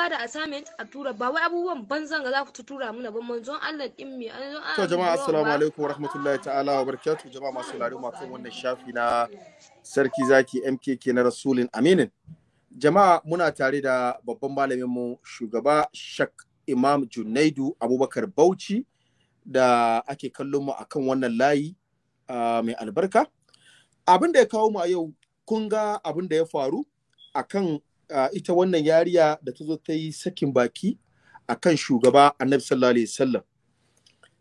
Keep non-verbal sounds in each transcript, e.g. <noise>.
bada assignment a tura ba wai abubuwan banzan ga za ku tura mana ba manzon Allah din me to jama'a assalamu alaikum warahmatullahi ta'ala wa barakatuh jama'a masu sauraro ma kan wannan shafi na sarki zaki MKK na rasulin aminin jama'a muna tare da babban malamin mu shugaba Shak Imam Junaidu Abubakar Bauchi da ake kallon mu akan wannan layi mai albarka abin da ya kawo mu a yau kun ga abin da ya faru akan ita wannan yariya da ta zo ta yi sakin baki a kan shugaba annabi sallallahu alaihi wasallam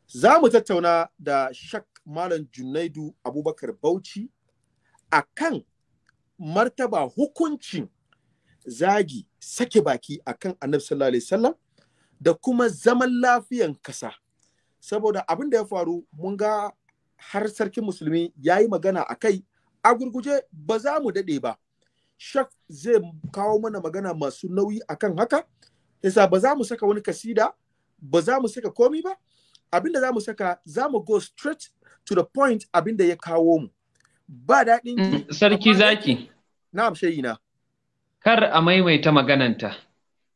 za mu tattauna da shak malam junaidu abubakar bauchi a kan martaba hukuncin zagi sake baki a kan annabi sallallahu alaihi wasallam da kuma zaman lafiyan kasa saboda abin da ya faru mun ga har sarkin musulmi ya yi magana a kai a gurguje ba za mu daɗe ba shak zai kawo mana magana masu nauyi akan haka yasa ba za mu saka wani kasida ba za mu saka komi ba abinda za mu saka za mu go straight to the point abinda ya kawo mu ba daɗin mm, sarki zaki na'am shayi na kar a maimaita magananta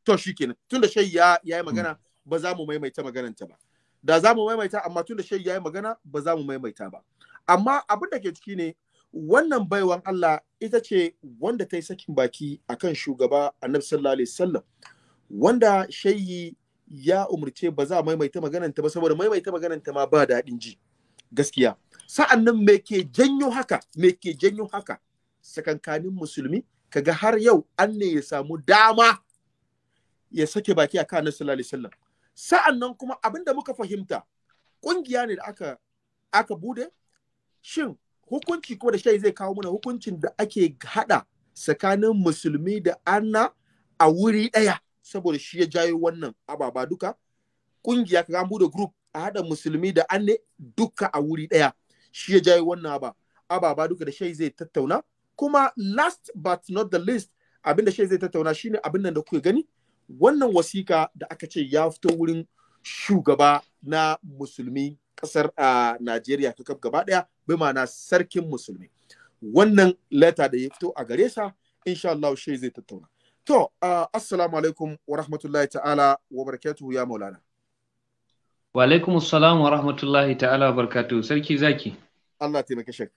to shikenan tunda shayi ya yi mm. magana ba za mu maimaita magananta ba da za mu maimaita amma tunda shayi ya yi magana ba za mu maimaita ba amma abin da ke ciki ne wannan baiwan Allah ita ce wanda ta yi sakin baki a kan shugaba annabi sallallahu alaihi wasallam wanda shayi ya umarce ba za a maimaita magananta ba saboda maimaita magananta ma ba daɗin ji gaskiya sa'an nan me ke janyo haka me ke janyo haka sakankanin musulmi kaga har yau an ne ya samu dama ya sake baki a kan sallallahu alaihi wasallam sa'an nan kuma abinda muka fahimta ƙungiya ne da aka aka bude shin hukunci kuma da shayi zai kawo mana hukuncin da ake hada tsakanin musulmi da anna a wuri daya saboda shi ya jayo wannan ababa duka kungiya ka bude group a hada musulmi da anne duka a wuri daya shi ya jayo wannan aba ababa duka da shai zai tattauna kuma last but not the least abinda shai zai tattauna shine abin nan da kuke gani wannan wasika da aka ce ya fito wurin shugaba na musulmi kasar a Najeriya ta gaba ɗaya bi ma'ana sarkin musulmi wannan leta da ya fito a gare sa insha Allah shi zai tattauna to assalamu alaikum wa rahmatullahi ta'ala wa barakatuhu ya maulana wa alaikum assalam wa rahmatullahi ta'ala wa barakatuhu sarki zaki Allah taimake shek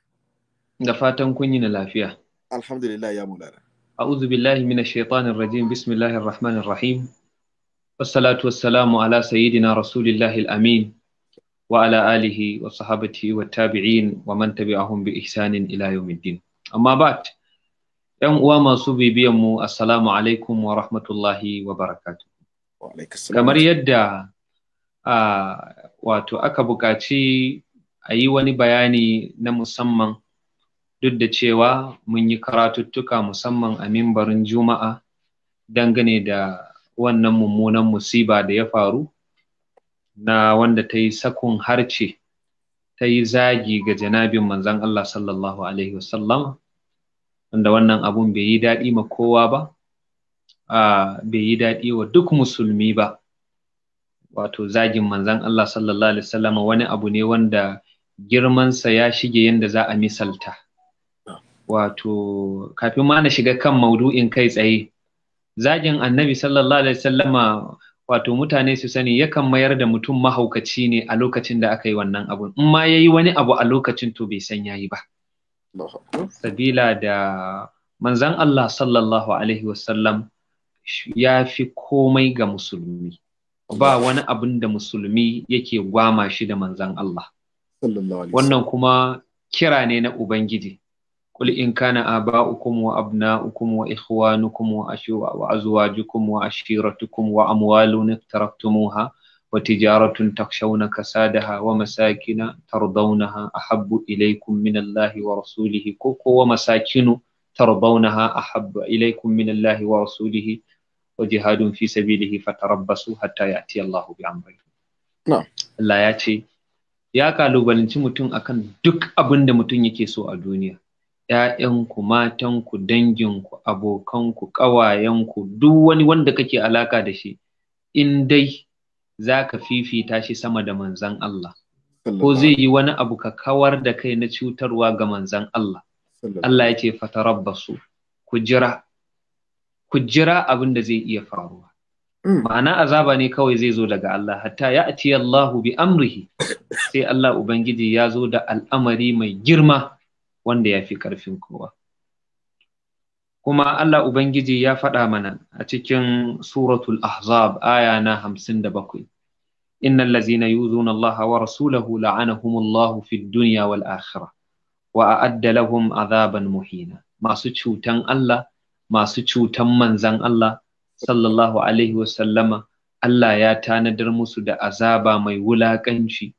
da fatan kun yi na lafiya alhamdulillah ya maulana a'udhu billahi minash shaitanir rajim bismillahir rahmanir rahim والصلاة والسلام على سيدنا رسول الله الأمين وعلى آله وصحابته والتابعين ومن تبعهم بإحسان ihsanin يوم Amma أما بعد ‘Yan uwa masu mu Assalamu alaikum wa rahmatullahi wa barakatu. Kamar yadda wato aka buƙaci a yi wani bayani na musamman duk da cewa mun yi karatuttuka musamman a mimbarin Juma'a dangane da wannan mummunan musiba da ya faru na wanda ta yi sakun harce ta yi zagi ga janabin manzan Allah sallallahu Alaihi wasallam wanda wannan abun bai yi daɗi ma kowa ba bai yi daɗi wa duk musulmi ba wato zagin manzan Allah sallallahu Alaihi wasallam wani abu ne wanda girmansa ya shige yadda za a misalta wato kafin ma na shiga kan maudu'in kai tsaye zagin annabi sallallahu alaihi sallama wato mutane su sani yakan mayar da mutum mahaukaci ne a lokacin da aka yi wannan abun in ma yayi wani abu a lokacin to bai san yayi ba sabila da manzan Allah sallallahu alaihi wasallam ya fi komai ga musulmi ba wani abun da musulmi yake gwama shi da manzan Allah wannan kuma kira ne na ubangiji قل إن كان آباؤكم وأبناؤكم وإخوانكم وأزواجكم وعشيرتكم وأموال اقترفتموها وتجارة تخشون كسادها ومساكن ترضونها أحب إليكم من الله ورسوله ومساكن ترضونها أحب إليكم من الله ورسوله وجهاد في سبيله فتربصوا حتى يأتي الله بأمره لا يأتي يا ce, Ya kalubalanci mutum akan duk abin da mutum 'ya'yanku, matanku, danginku, abokanku, ƙawayenku, duk wani wanda kake alaƙa da shi, in dai za ka fifita shi sama da manzan Allah. Ko zai yi wani abu ka kawar da kai na cutarwa ga manzan Allah. Allah ya ce fatarabbasu, ku jira, ku jira abin da zai iya faruwa. Mm. Ma'ana azaba ne kawai zai zo daga Allah, hatta ya Allahu bi amrihi, sai Allah Ubangiji ya zo da al'amari mai girma. wanda ya fi ƙarfin kowa kuma Allah Ubangiji ya faɗa mana a cikin suratul ahzab aya na hamsin da bakwai innal lazina yuzuna Allah wa rasulahu la'ana fid dunya wal akhira. wa a'adda lahum azaban muhina masu cutan Allah masu cutan manzan Allah sallallahu alaihi wasallama Allah ya tanadar musu da azaba mai wulaƙanci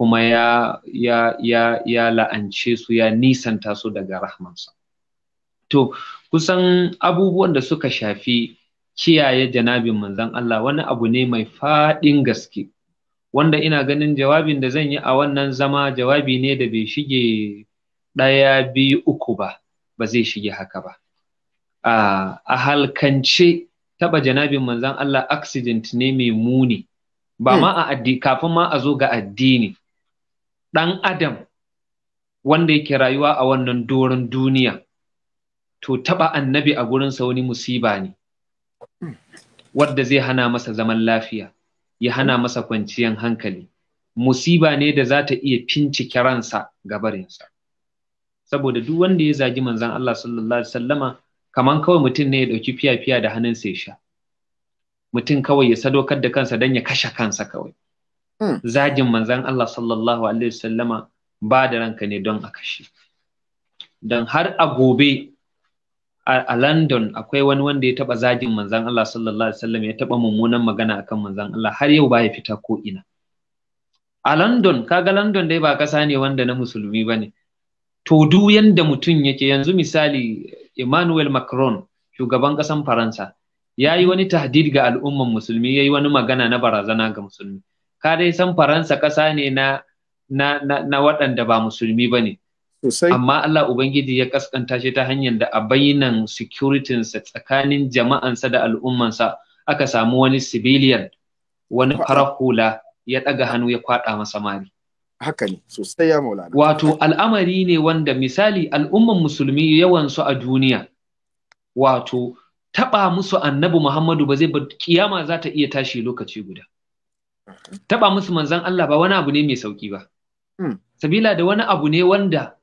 kuma ya ya ya ya la'ance su ya nisanta su daga rahmansa to kusan abubuwan da suka shafi kiyaye janabin manzon Allah wani abu ne mai faɗin gaske wanda ina ganin jawabin da zan yi a wannan zama jawabi ne da bai shige ɗaya biyu uku ba ba zai shige haka ba a halkance taɓa janabin manzan Allah accident ne mai muni ba hmm. ma a addini kafin ma a zo ga addini ɗan adam wanda yake rayuwa a wannan doron duniya to taɓa annabi a gurinsa wani musiba ne wadda zai hana masa zaman lafiya ya hana masa kwanciyar hankali musiba ne da za ta iya fincike ransa gabarinsa saboda duk wanda ya zagi manzan Allah sallallahu alaihi sallama kaman kawai mutum ne ya ɗauki fiya-fiya da hannunsa ya sha mutum kawai ya sadaukar da kansa don ya kashe kansa kawai Hmm. zagin manzan Allah sallallahu alaihi wasallama ba da ranka ne don a kashe don har a gobe a London akwai wani wanda ya taba zagin manzan Allah sallallahu alaihi wasallama ya taba mummunan magana akan manzan Allah har yau ba ya fita ko ina a London kaga London dai ba kasa ne wanda na musulmi ba ne. to duk yanda mutum yake yanzu misali Emmanuel Macron shugaban kasan Faransa ya yi wani tahdid ga al'umman musulmi ya yi wani magana na barazana ga musulmi ka dai san faransa ƙasa ne na na, na, na waɗanda ba musulmi ba ne. Amma Allah Ubangiji ya kaskanta shi ta hanyar da a bayyanan securitinsa tsakanin jama'ansa da al'ummansa aka samu wani civilian wani farar ya ɗaga hannu ya kwaɗa masa mari. Haka ne, sosai ya maulana. Wato al'amari ne wanda misali al'umman musulmi yawansu a duniya. Wato taɓa musu annabi Muhammadu ba zai ba kiyama za ta iya tashi lokaci guda. taba musu manzan Allah ba wani abu ne mai sauki ba hmm. sabila da wani abu ne wanda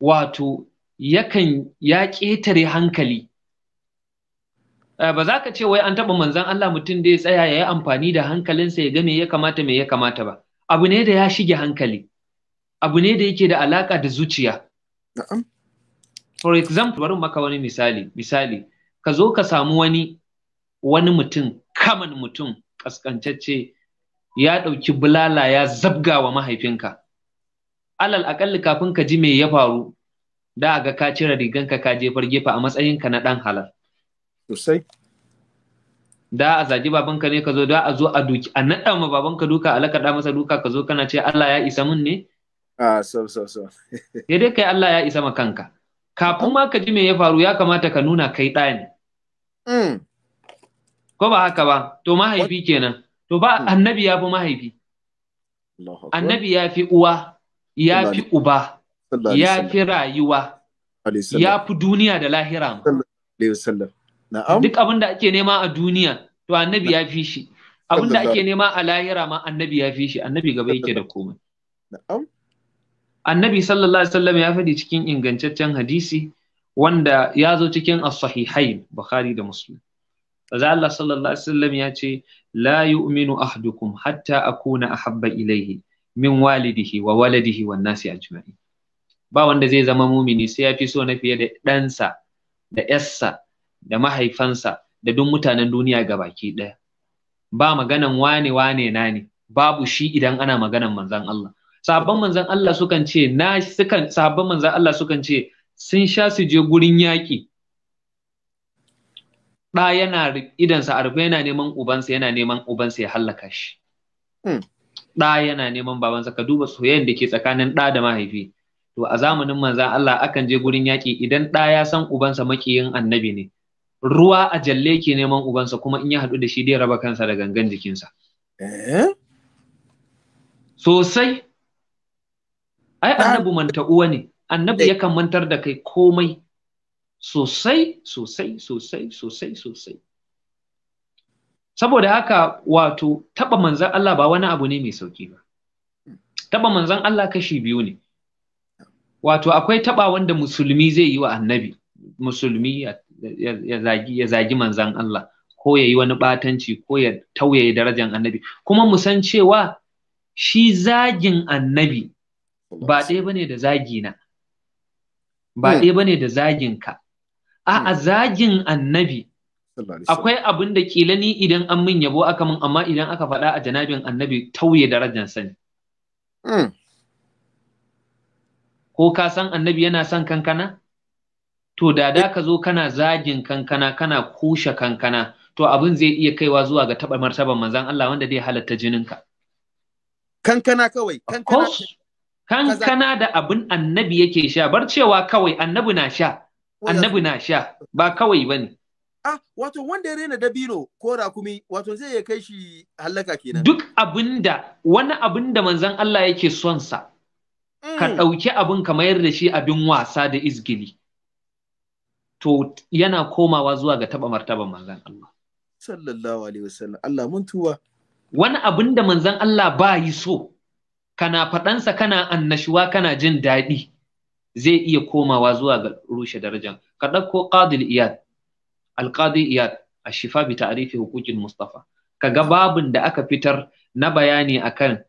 wato yakan ya ƙetare hankali eh, ba za ka ce wai an taba manzan Allah mutum da ya tsaya ya yi amfani da hankalinsa ya ga me ya kamata me ya kamata ba abu ne da ya shige hankali abu ne da yake da alaka da zuciya for example bari maka wani misali misali ka zo ka samu wani wani mutum kaman mutum kaskantacce ya ɗauki bulala ya zabga wa mahaifinka alal aƙalli kafin ka ji me ya faru da a ga ka cire riganka ka jefar gefa a matsayinka na ɗan halal sosai da a zagi babanka ne ka zo da a zo a duki a naɗa ma babanka duka a lakaɗa masa duka ka zo kana ce Allah ya isa mun ne a so so so Ya <laughs> dai kai Allah ya isa ma kanka kafin ma ka ji me ya faru ya kamata ka nuna kai ɗaya ne mm. ko ba haka ba to mahaifi kenan to ba hmm. annabi ya fi mahaifi annabi ya fi uwa ya fi uba ya fi rayuwa ya fi duniya da lahira duk abin da ake nema a duniya to annabi ya fi shi abin da ake nema a lahira ma annabi ya fi shi annabi gaba yake da komai annabi sallallahu alaihi wasallam ya faɗi cikin ingantaccen hadisi wanda ya zo cikin as-sahihain bukhari da muslim Maza Allah sallallahu Alaihi wasallam ya ce, La yu'minu ahdukum hatta akuna ahabba ilaihi min walidihi wa waladihi wa nasi ajma'in. Ba wanda zai zama mumini sai ya fi so na fiye da ɗansa, da ‘yarsa, da mahaifansa, da duk mutanen duniya ga baki ɗaya. Ba maganan wane wane na ne, babu shi idan ana maganan manzan Allah. Sabon manzan Allah sukan ce, na sukan, manzan Allah sukan ce, sun sha su je gurin yaƙi, ɗa yana idansa a rufe yana neman ubansa yana neman ubansa ya hallaka shi hmm. ɗa yana neman babansa ka duba soyayyar da ke tsakanin ɗa da mahaifi to a zamanin manzan Allah akan je gurin yaƙi idan ɗa ya san ubansa makiyin annabi ne ruwa a jalle ke neman ubansa kuma in ya haɗu da shi dai raba kansa da gangan jikinsa eh? sosai ai annabi manta uwa ne annabi eh. yakan mantar da kai komai sosai sosai sosai sosai sosai saboda haka wato taba manzan Allah ba wani abu ne mai sauki ba taba manzan Allah kashi biyu ne wato akwai taɓa wanda musulmi zai yi wa annabi musulmi ya zagi manzan Allah ko ya yi wani ɓatanci, ko ya tauye darajar annabi kuma musan cewa shi zagin annabi ba ɗaya bane da zagina ba hmm. ɗaya bane da zaginka A'a hmm. zagin annabi. Akwai abin da kila ni idan an min yabo aka min amma idan aka faɗa a janabin annabi tauye darajar sani. Hmm. Ko ka san annabi yana son kankana? To da da ka zo kana zagin kankana kana kushe kankana to abin zai iya kaiwa zuwa ga taɓa martaban manzan Allah wanda zai halatta jininka. Kankana kawai. Kankana, kankana da abin annabi yake sha bar cewa kawai annabi na sha. annabi na sha ba kawai bane ah wato wanda ya rena dabino ko rakumi wato zai ya kai shi halaka kenan duk abinda wani abinda manzon Allah yake son sa ka mm. ɗauki abin ka mayar da shi abin wasa da izgili to yana komawa zuwa ga taba martaban manzon Allah sallallahu alaihi wasallam Allah mun tuwa wani abin da manzon Allah ba yi so kana faɗansa kana annashuwa kana jin daɗi zai iya komawa zuwa ga rushe darajan ka ɗauko qadil iyad alqadi iyad ashifa bi ta'rifi huquqil mustafa ga babin da aka fitar na bayani akan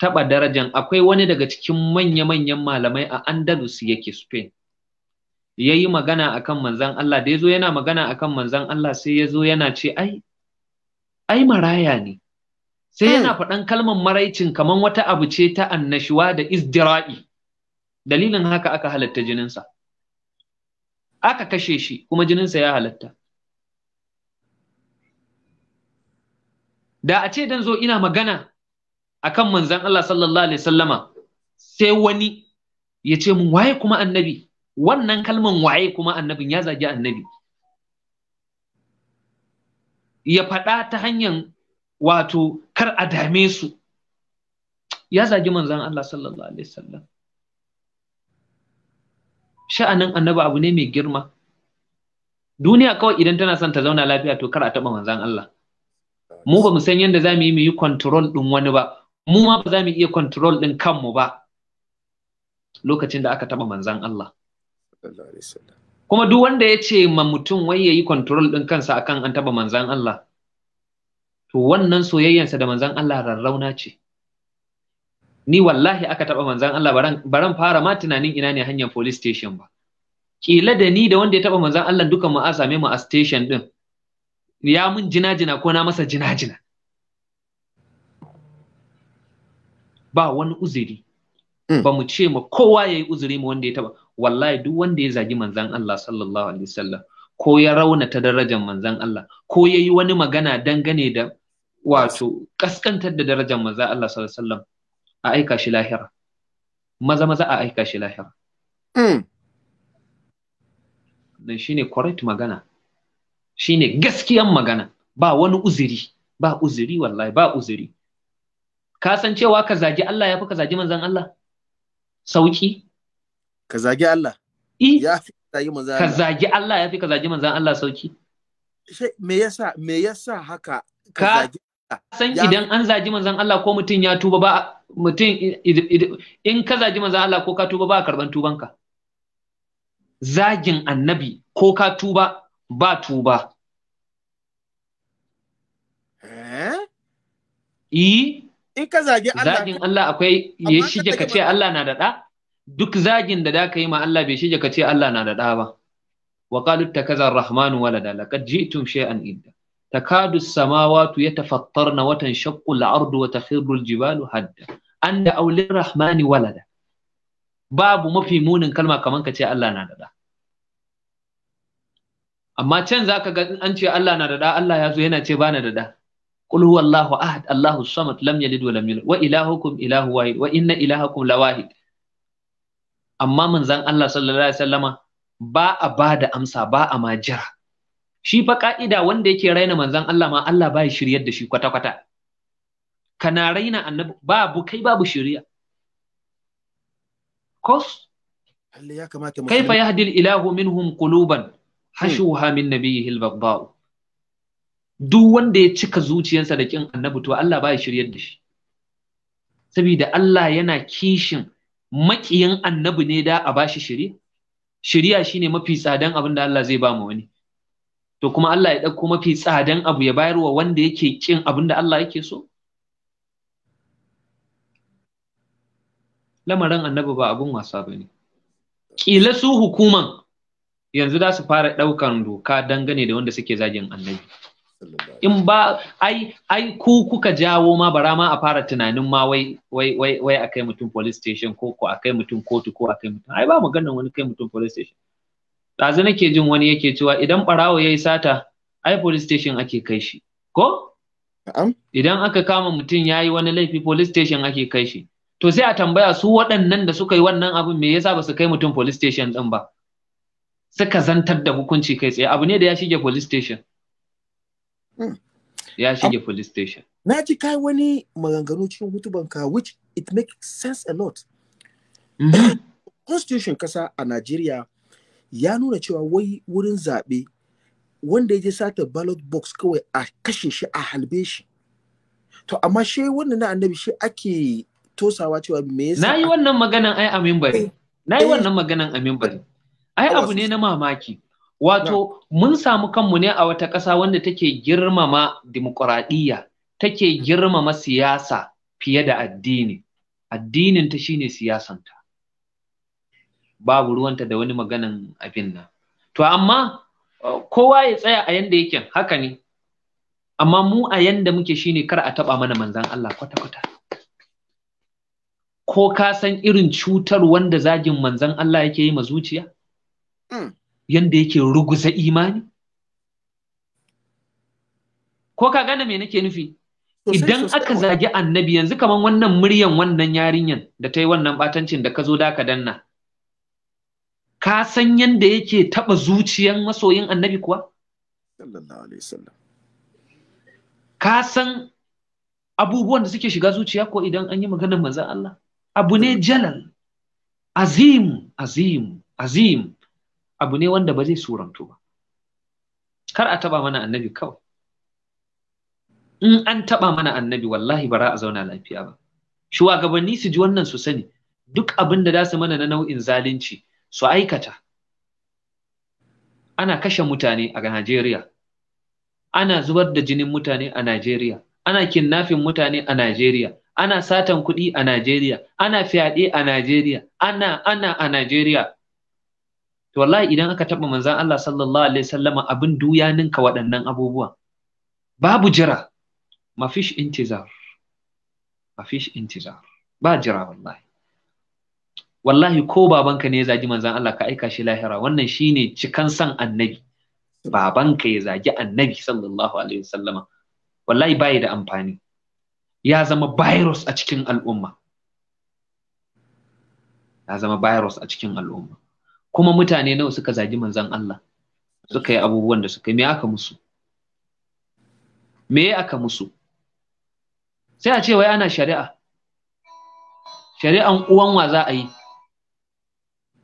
taba darajan akwai wani daga cikin manya-manyan malamai a Andalus yake Spain yayi magana akan manzon Allah da yazo yana magana akan manzon Allah sai yazo yana ce ai ai maraya ne sai yana hmm. faɗan kalmar maraicin kamar wata abu ce ta annashuwa da izdira'i dalilin haka aka halatta jininsa aka kashe shi kuma jininsa ya halatta da a ce dan zo ina magana akan manzan Allah sallallahu alaihi sallama sai wani ya ce mun waye kuma annabi wannan kalman waye kuma annabin ya zagi annabi ya faɗa ta hanyar wato kar a dame su ya zagi manzan Allah sallallahu alaihi sallam sha'anin annabi abu ne mai girma duniya kawai idan tana son ta zauna lafiya to kar a taɓa manzan Allah mu ba mu san yadda za mu yi mu yi control ɗin wani ba mu ma ba za mu iya control ɗin kanmu ba lokacin da aka taɓa manzan Allah kuma duk wanda ya ce ma mutum wai ya yi control din kansa akan an taɓa manzan Allah to wannan soyayyansa da manzan Allah rarrauna ce ni wallahi aka taba manzan Allah baran fara ma tunanin ina ne hanyar police station ba kila da ni da wanda ya taba manzan Allah dukan mu a same mu a station din ya mun jina-jina ko na masa jina-jina ba wani uzuri hmm. ba mu ce ma kowa yayi yi uzuri ma wanda ya taba wallahi duk wanda ya zagi manzan Allah sallallahu alaihi wasallam ko ya raunata darajar manzan Allah ko ya yi wani magana dangane da wato kaskantar da darajar manzan Allah sallallahu alaihi wasallam a aika shi lahira maza maza a aika shi lahira hmm. nan shine correct magana shine gaskiyan magana ba wani uzuri ba uzuri wallahi ba uzuri ka san cewa ka zagi Allah fi ka zagi manzon Allah sauki ka zagi Allah ya ka zagi manzon Allah ka zagi Allah fi ka zagi manzon Allah sauki me yasa me yasa haka ka san idan an zaji manzon Allah ko mutum ya tuba ba mutum in ka zaji manzon Allah ko ka tuba ba karban tubanka zagin annabi ko ka tuba ba tuba eh e? in ka zagi Allah zagin Allah akwai ya shige ka ce Allah na da ɗa duk zagin da da ka yi ma Allah bai shige ka ce Allah na da ɗa ba wa qalu takaza ar-rahmanu walada laqad ji'tum shay'an idda takadu samawatu yatafattarna wa watan al-ardu wa takhiru jibalu hadda An anda aulir rahmani walada babu mafi munin kalma kamar ka ce Allah na da amma can za ka ga an ce Allah na da da? Allah ya zo yana ce bana da da qul huwallahu ahad Allahu samad lam yalid wa lam yulad wa ilahukum ilahu wahid wa inna ilahakum lawahid amma manzon Allah sallallahu alaihi wasallama ba a bada amsa ba a majira shi fa ka'ida wanda yake raina manzon Allah ma Allah ba ya shiryar da shi kwata kwata kana raina annabi babu kai babu shirya. kos ya kamata mu kaifa yahdi ilahu minhum quluban hmm. hashuha min nabiyhi al-baghdha duk wanda ya cika zuciyarsa da kin annabi to Allah ba ya shiryar da shi saboda Allah yana kishin makiyin annabi ne da a bashi shiriya shiriya shine mafi tsadan abin da Allah zai ba mu wani to kuma Allah ya ɗauko mafi tsadan abu ya bayarwa wanda yake kin abin da Allah yake so lamarin annabi ba abin wasa ba ne ƙila su hukuman yanzu za su fara ɗaukan doka dangane da wanda suke zagin annabi in ba ai ai ku kuka jawo ma bara ma a fara tunanin ma wai wai wai wai kai mutum police station ko ko a kai mutum kotu ko a kai mutum ai ba maganar wani kai mutum police station ɗazu nake jin wani yake cewa idan ɓarawo ya yi sata ai police station ake kai shi ko idan aka kama mutum ya yi wani laifi police station ake kai shi to sai a tambaya su waɗannan da suka yi wannan abin me yasa ba su kai mutum police station ɗin ba suka zantar da hukunci kai tsaye abu ne da ya shige police station hmm. ya shige police station na ji kai wani maganganu cikin hutubanka which it makes sense a lot mm-hmm. constitution kasa a Najeriya ya nuna cewa wai wurin zaɓe wanda ya je sata ballot box kawai a kashe shi a halbe shi to amma shi wannan na annabi shi ake tosawa cewa me yasa na wannan maganan ai amin bari eh, na eh. wannan maganan amin bari ai abu ne na mamaki wato mun samu kanmu ne a wata ƙasa wanda take girmama dimokuraɗiyya take hmm. girmama siyasa fiye da addini addinin ta shine siyasanta babu ruwanta da wani maganan abin nan to amma uh, kowa ya tsaya a yanda yake haka ne amma mu a yanda muke shine kar a taba mana manzan Allah kwata kwata ko ka san irin cutar wanda zagin manzan Allah yake yi ma zuciya hmm. yanda yake ruguza imani ko ka gane me nake nufi idan aka zagi annabi yanzu kaman wannan muryan wannan yarinyan da ta yi wannan batancin da ka zo da ka danna ka san yadda yake taɓa zuciyan masoyin annabi kuwa? Ka san abubuwan da suke shiga zuciya ko idan an yi maganar manzan Allah? Abu ne jalal, azim, azim, azim, abu ne wanda ba zai suranto ba. Kar a taɓa mana annabi kawai. In an taɓa mana annabi wallahi bara a zauna lafiya ba. Shuwagabanni su ji wannan su sani duk abin da za su mana na nau'in zalunci su aikata ana kashe mutane a Najeriya ana zubar da jinin mutane a Najeriya ana kinnafin mutane a Najeriya ana satan kuɗi a Najeriya ana fyaɗe a Najeriya ana ana a Najeriya to wallahi idan aka taɓa manzan Allah sallallahu alaihi sallama abin duya ninka waɗannan abubuwa babu jira mafish intizar mafish intizar ba jira wallahi wallahi ko babanka ne ya zagi manzan Allah ka aika shi lahira wannan shine cikan san annabi babanka ya zagi annabi sallallahu alaihi wasallama wallahi bai da amfani ya zama virus a cikin al'umma ya zama virus a cikin al'umma kuma mutane nawa suka zagi manzan Allah suka yi abubuwan da suka yi me aka musu me aka musu sai a ce wai ana shari'a shari'an uwan wa za a yi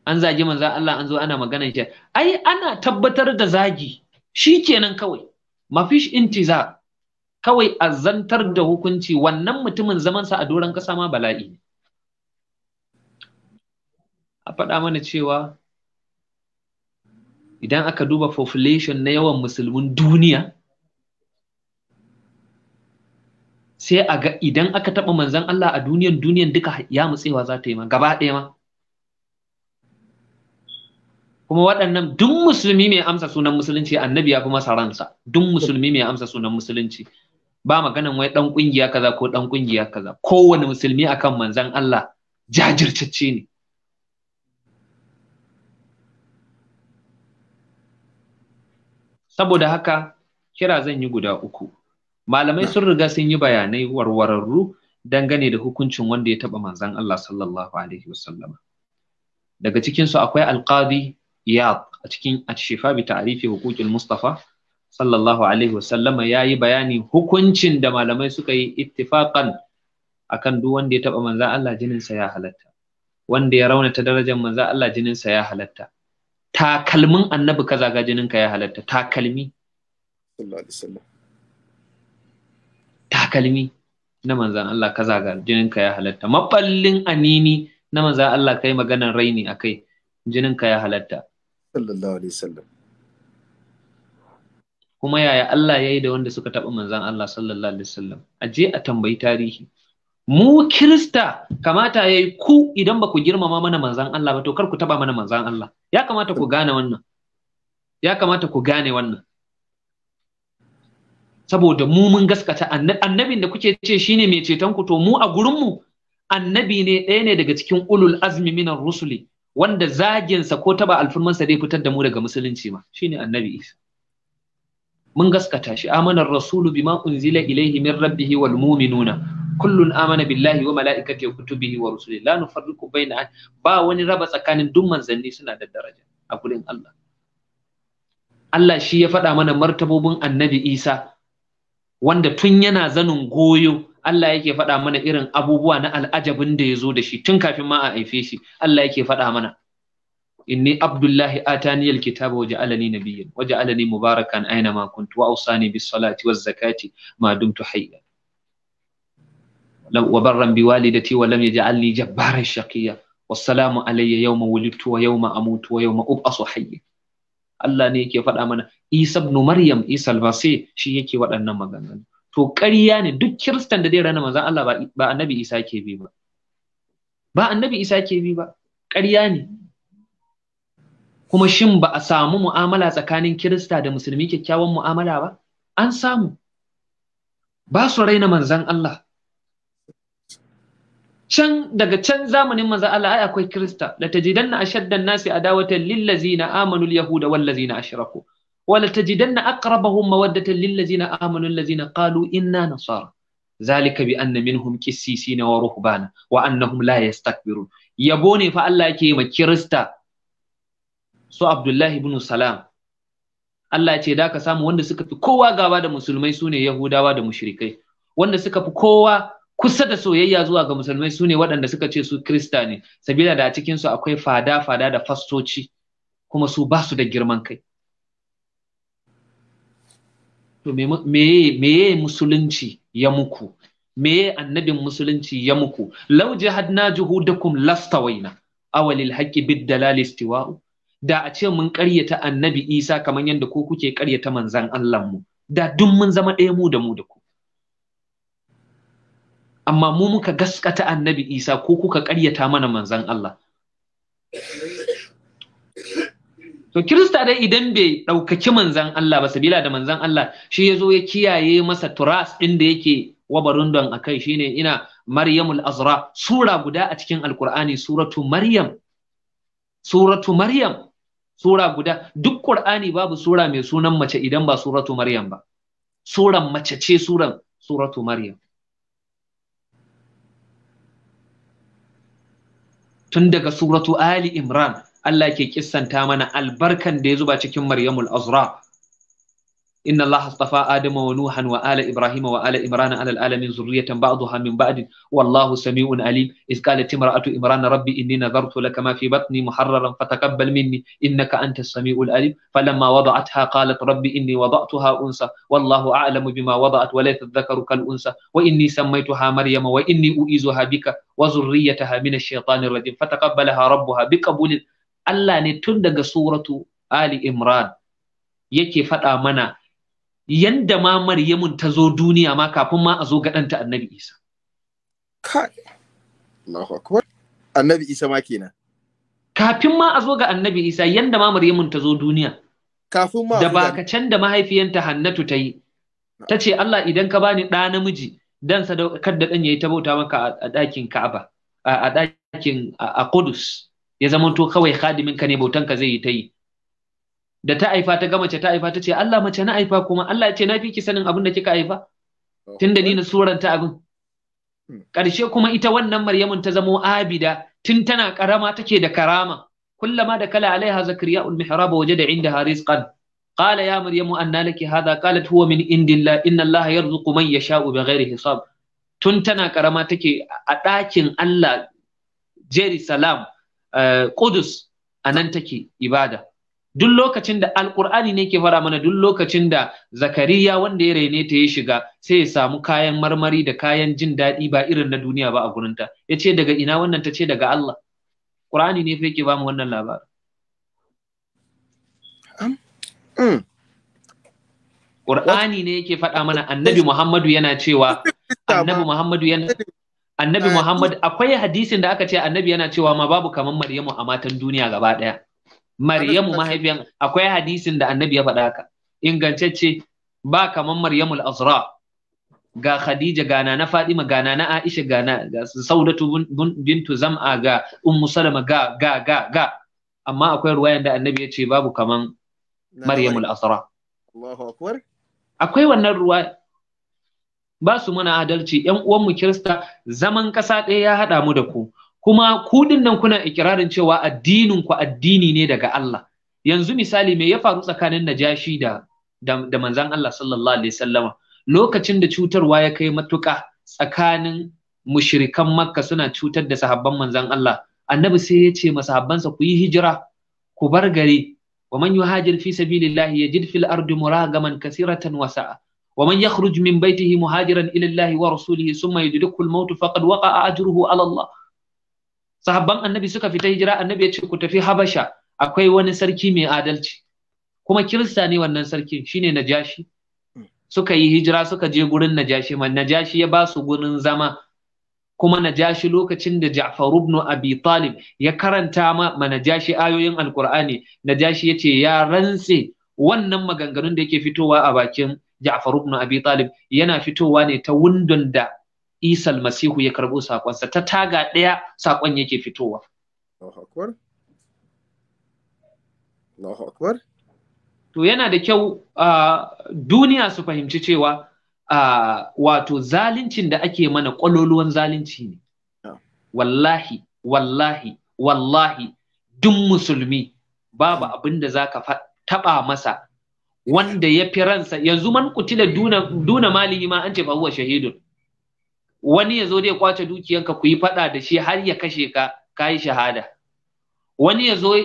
an zagi manzan Allah an zo ana maganar shi ai ana tabbatar da zagi shi kenan kawai mafish intiza kawai azantar da hukunci wannan mutumin zamansa a doron kasa ma bala'i a faɗa mana cewa idan aka duba population na yawan musulmin duniya sai a idan aka taɓa manzan Allah a duniyan duniyan duka ya mutsewa za ta yi ma gaba ɗaya ma kuma waɗannan duk musulmi mai amsa sunan musulunci annabi ya fi masa ransa dun musulmi mai amsa sunan musulunci ba maganan wai ɗan ƙungiya kaza ko ɗan ƙungiya kaza kowane musulmi akan manzan Allah jajircacce ne saboda haka kira zan yi guda uku malamai sun riga sun yi bayanai warwararru dangane da hukuncin wanda ya taɓa manzan Allah sallallahu alaihi wasallama daga cikinsu akwai alƙadi iyad a cikin atshifa bi ta'rifi huquqil mustafa sallallahu alaihi wasallama yayi bayani hukuncin da malamai suka yi ittifaqan akan duk wanda ya taba manzon Allah jinin sa ya halatta wanda ya raunata darajar manzon Allah jinin sa ya halatta takalmin annabi kaza ga jinin ka ya halatta takalmi sallallahu alaihi wasallam takalmi na manzan Allah ka zaga jininka ya halatta maballin anini na manzan Allah kai maganar raini a kai jininka ya halatta sallallahu alaihi wasallam kuma yaya Allah ya yi da wanda suka taɓa manzan Allah sallallahu alaihi wasallam a je a tambayi tarihi mu kirista kamata ya yi ku idan ba ku girmama mana manzan Allah ba to kar ku taɓa mana manzan Allah ya kamata ku gane wannan ya kamata ku gane wannan saboda mu mun gaskata annabin da kuke ce shine mai ceton ku to mu a gurin mu annabi ne ɗaya ne daga cikin ulul azmi minar rusuli wanda zaginsa ko taba sa zai fitar da mu daga musulunci ma shine annabi isa mun gaskata shi amanar rasulu bima unzila ilaihi min rabbih wal mu'minuna kullun amana billahi wa mala'ikatihi wa kutubihi wa rusulihi la nufarriqu baina ba wani raba tsakanin duk manzanni suna da daraja a gurin Allah Allah shi ya faɗa mana martabobin annabi Isa wanda tun yana zanin goyo Allah yake faɗa mana irin abubuwa na al'ajabin da ya zo da shi tun kafin ma a haife shi Allah yake faɗa mana inni abdullahi atani alkitaba wa ja'alani nabiyyan wa ja'alani mubarakan aina ma kuntu wa awsani bis salati waz zakati ma dumtu hayya wa barran bi walidati wa lam yaj'alni jabbaran shaqiyya wassalamu alayya yawma wulidtu wa yawma amutu wa yawma ub'asu hayya Allah ne yake faɗa mana Isa ibn Maryam Isa al-Masih shi yake waɗannan maganganu to ƙarya ne duk kiristan da zai rana manzon Allah ba annabi Isa ke bi ba ba annabi Isa ke bi ba ƙarya ne kuma shin ba a samu mu'amala tsakanin kirista da musulmi kyakkyawan mu'amala ba an samu ba su raina manzan Allah can daga can zamanin manzan Allah ai akwai kirista da tajidanna ashaddan nasi adawatan lil ladzina amanu al yahuda wal ladzina ashraku wala tajidanna aqrabahum mawaddatan lil ladzina amanu alladzina qalu inna nasara zalika bi anna minhum qissisina wa ruhbana wa annahum la yastakbirun yabo ne fa Allah yake ma kirista su Abdullahi ibn Salam Allah ce da ka samu wanda suka fi kowa gaba da musulmai sune Yahudawa da mushrikai wanda suka fi kowa kusa da soyayya zuwa ga musulmai sune waɗanda suka ce su Krista ne sabila da a cikin su akwai fada fada da fastoci kuma su basu da girman kai to me me musulunci ya muku me annabin musulunci ya muku law jahadna juhudakum lastawaina awalil haqqi bid dalal istiwa'u da a ce mun ƙaryata annabi Isa kamar yadda ko kuke ƙaryata manzan Allah mu da duk mun zama ɗaya mu da mu da ku amma mu muka gaskata annabi Isa ko kuka ƙaryata mana manzan Allah to kirista dai idan bai ɗaukaki manzan Allah ba sabila da manzan Allah shi ya zo ya kiyaye masa turas ɗin da yake wabarin don a kai shine ina maryamul azra sura guda a cikin alkur'ani suratu maryam suratu maryam sura guda duk ƙur'ani babu sura mai sunan mace idan ba suratu maryam ba suran mace ce suran suratu maryam tun daga suratu ali imran Allah ke kissanta mana albarkan da ya zuba cikin Maryamul Azra inna Allah astafa Adama wa Nuhan wa ala Ibrahim wa ala Imran ala alamin zurriyatan ba'daha min ba'd wallahu sami'un alim iz qalat imra'atu Imran rabbi inni nadartu laka ma fi batni muharraran fataqabbal minni innaka antas sami'ul alim falamma wada'atha qalat rabbi inni wada'tuha unsa wallahu a'lamu bima wada'at wa laysa dhakaru kal unsa wa inni sammaytuha Maryama wa inni u'izuha bika wa zurriyataha min ash-shaytanir rajim fataqabbalaha rabbuha biqabulin Allah ne tun daga suratu Ali Imran yake faɗa mana yanda ma Maryamun ta zo duniya ma kafin ma a zo gaɗanta annabi Isa. Allahu akbar. Annabi Isa ma kenan. Kafin ma a zo ga annabi Isa yanda ma Maryamun ta zo duniya. Kafin ma. Da bakacen da mahaifiyanta Hannatu ta yi. Ta ce Allah idan ka bani ɗa namiji dan sadaukar da ɗan yayi ta bauta maka a ɗakin Ka'aba a ɗakin a Qudus. ya zamanto kawai khadimin ka ne bautan ka zai yi ta yi da ta aifa ta mace ta aifa ta ce Allah mace na aifa kuma Allah ya ce na fi ki sanin abin da kika aifa tunda ni na suranta abin ƙarshe hmm. kuma ita wannan Maryamun ta zamo abida tun tana karama take da karama kullama da kala alaiha zakariya ul mihraba wajada inda rizqan قال يا مريم أن لك هذا قالت هو من عند الله إن الله يرزق من يشاء بغير حساب tun tana karama take a ɗakin Allah jeri salam Kudus eh, a nan take ibada duk lokacin da Alƙur'ani ne ke fara mana duk lokacin da zakariya wanda ya raine ta ya shiga sai ya samu kayan marmari da kayan jin daɗi ba irin na duniya ba a gurinta ya ce daga ina wannan ta ce daga Allah ƙur'ani ne fa yake ba mu wannan labarin ƙur'ani hmm. ne yake faɗa mana annabi muhammadu yana cewa annabi muhammadu yana annabi ah, Muhammad akwai hadisin da aka ce annabi yana cewa ma babu kaman Maryamu a matan duniya gaba ɗaya. Maryamu mahaifiyan akwai hadisin da annabi ya faɗa haka ingantacce ba kaman Maryamu al-Azra ga Khadija ga na Fatima ga na Aisha ga na Saudatu bintu Zam'a ga Ummu Salama ga ga ga ga amma akwai ruwayan da annabi ya ce babu kaman Maryamu al-Azra Allahu akbar akwai wannan ruwa ba su mana adalci yan uwanmu kirista zaman ƙasa ɗaya ya haɗa mu da ku kuma ku nan kuna ikirarin cewa addinin ku addini ne daga Allah yanzu misali me ya faru tsakanin najashi da da, da manzon Allah sallallahu alaihi wasallama lokacin da cutarwa ya kai matuƙa tsakanin mushrikan makka suna cutar da sahabban manzan Allah annabi sai ya ce masahabbansa ku yi hijira ku bar gari wa man yuhajir fi sabilillahi yajid fil ardi muragaman kasiratan wasa'a wa man yakhruj min baitihi muhajiran ila wa rasulihi summa yudrikul maut faqad waqa'a ajruhu ala sahabban annabi suka fita hijira annabi ya ce ku tafi habasha akwai wani sarki mai adalci kuma kirista ne wannan sarkin shine najashi suka yi hijira suka je gurin najashi man najashi ya ba su gurin zama kuma najashi lokacin da Ja'far ibn Abi Talib ya karanta ma najashi ayoyin Alkur'ani najashi ya ce ya rantse wannan maganganun da yake fitowa a bakin Ja'far ibn Abi Talib yana fitowa ne ta wundon da Isa masihu ya karbo sakonsa ta taga ɗaya sakon yake fitowa to yana da kyau a duniya su fahimci cewa wato zalincin da ake mana kwaloluwan zalunci ne ah. wallahi wallahi wallahi duk musulmi babu abin da za ka taɓa masa wanda ya fi ransa yanzu man kutila duna duna malihi ma an ce ba huwa shahidun wani ya zo zai kwace dukiyanka ku yi fada da shi har ya kashe ka yi shahada wani ya zo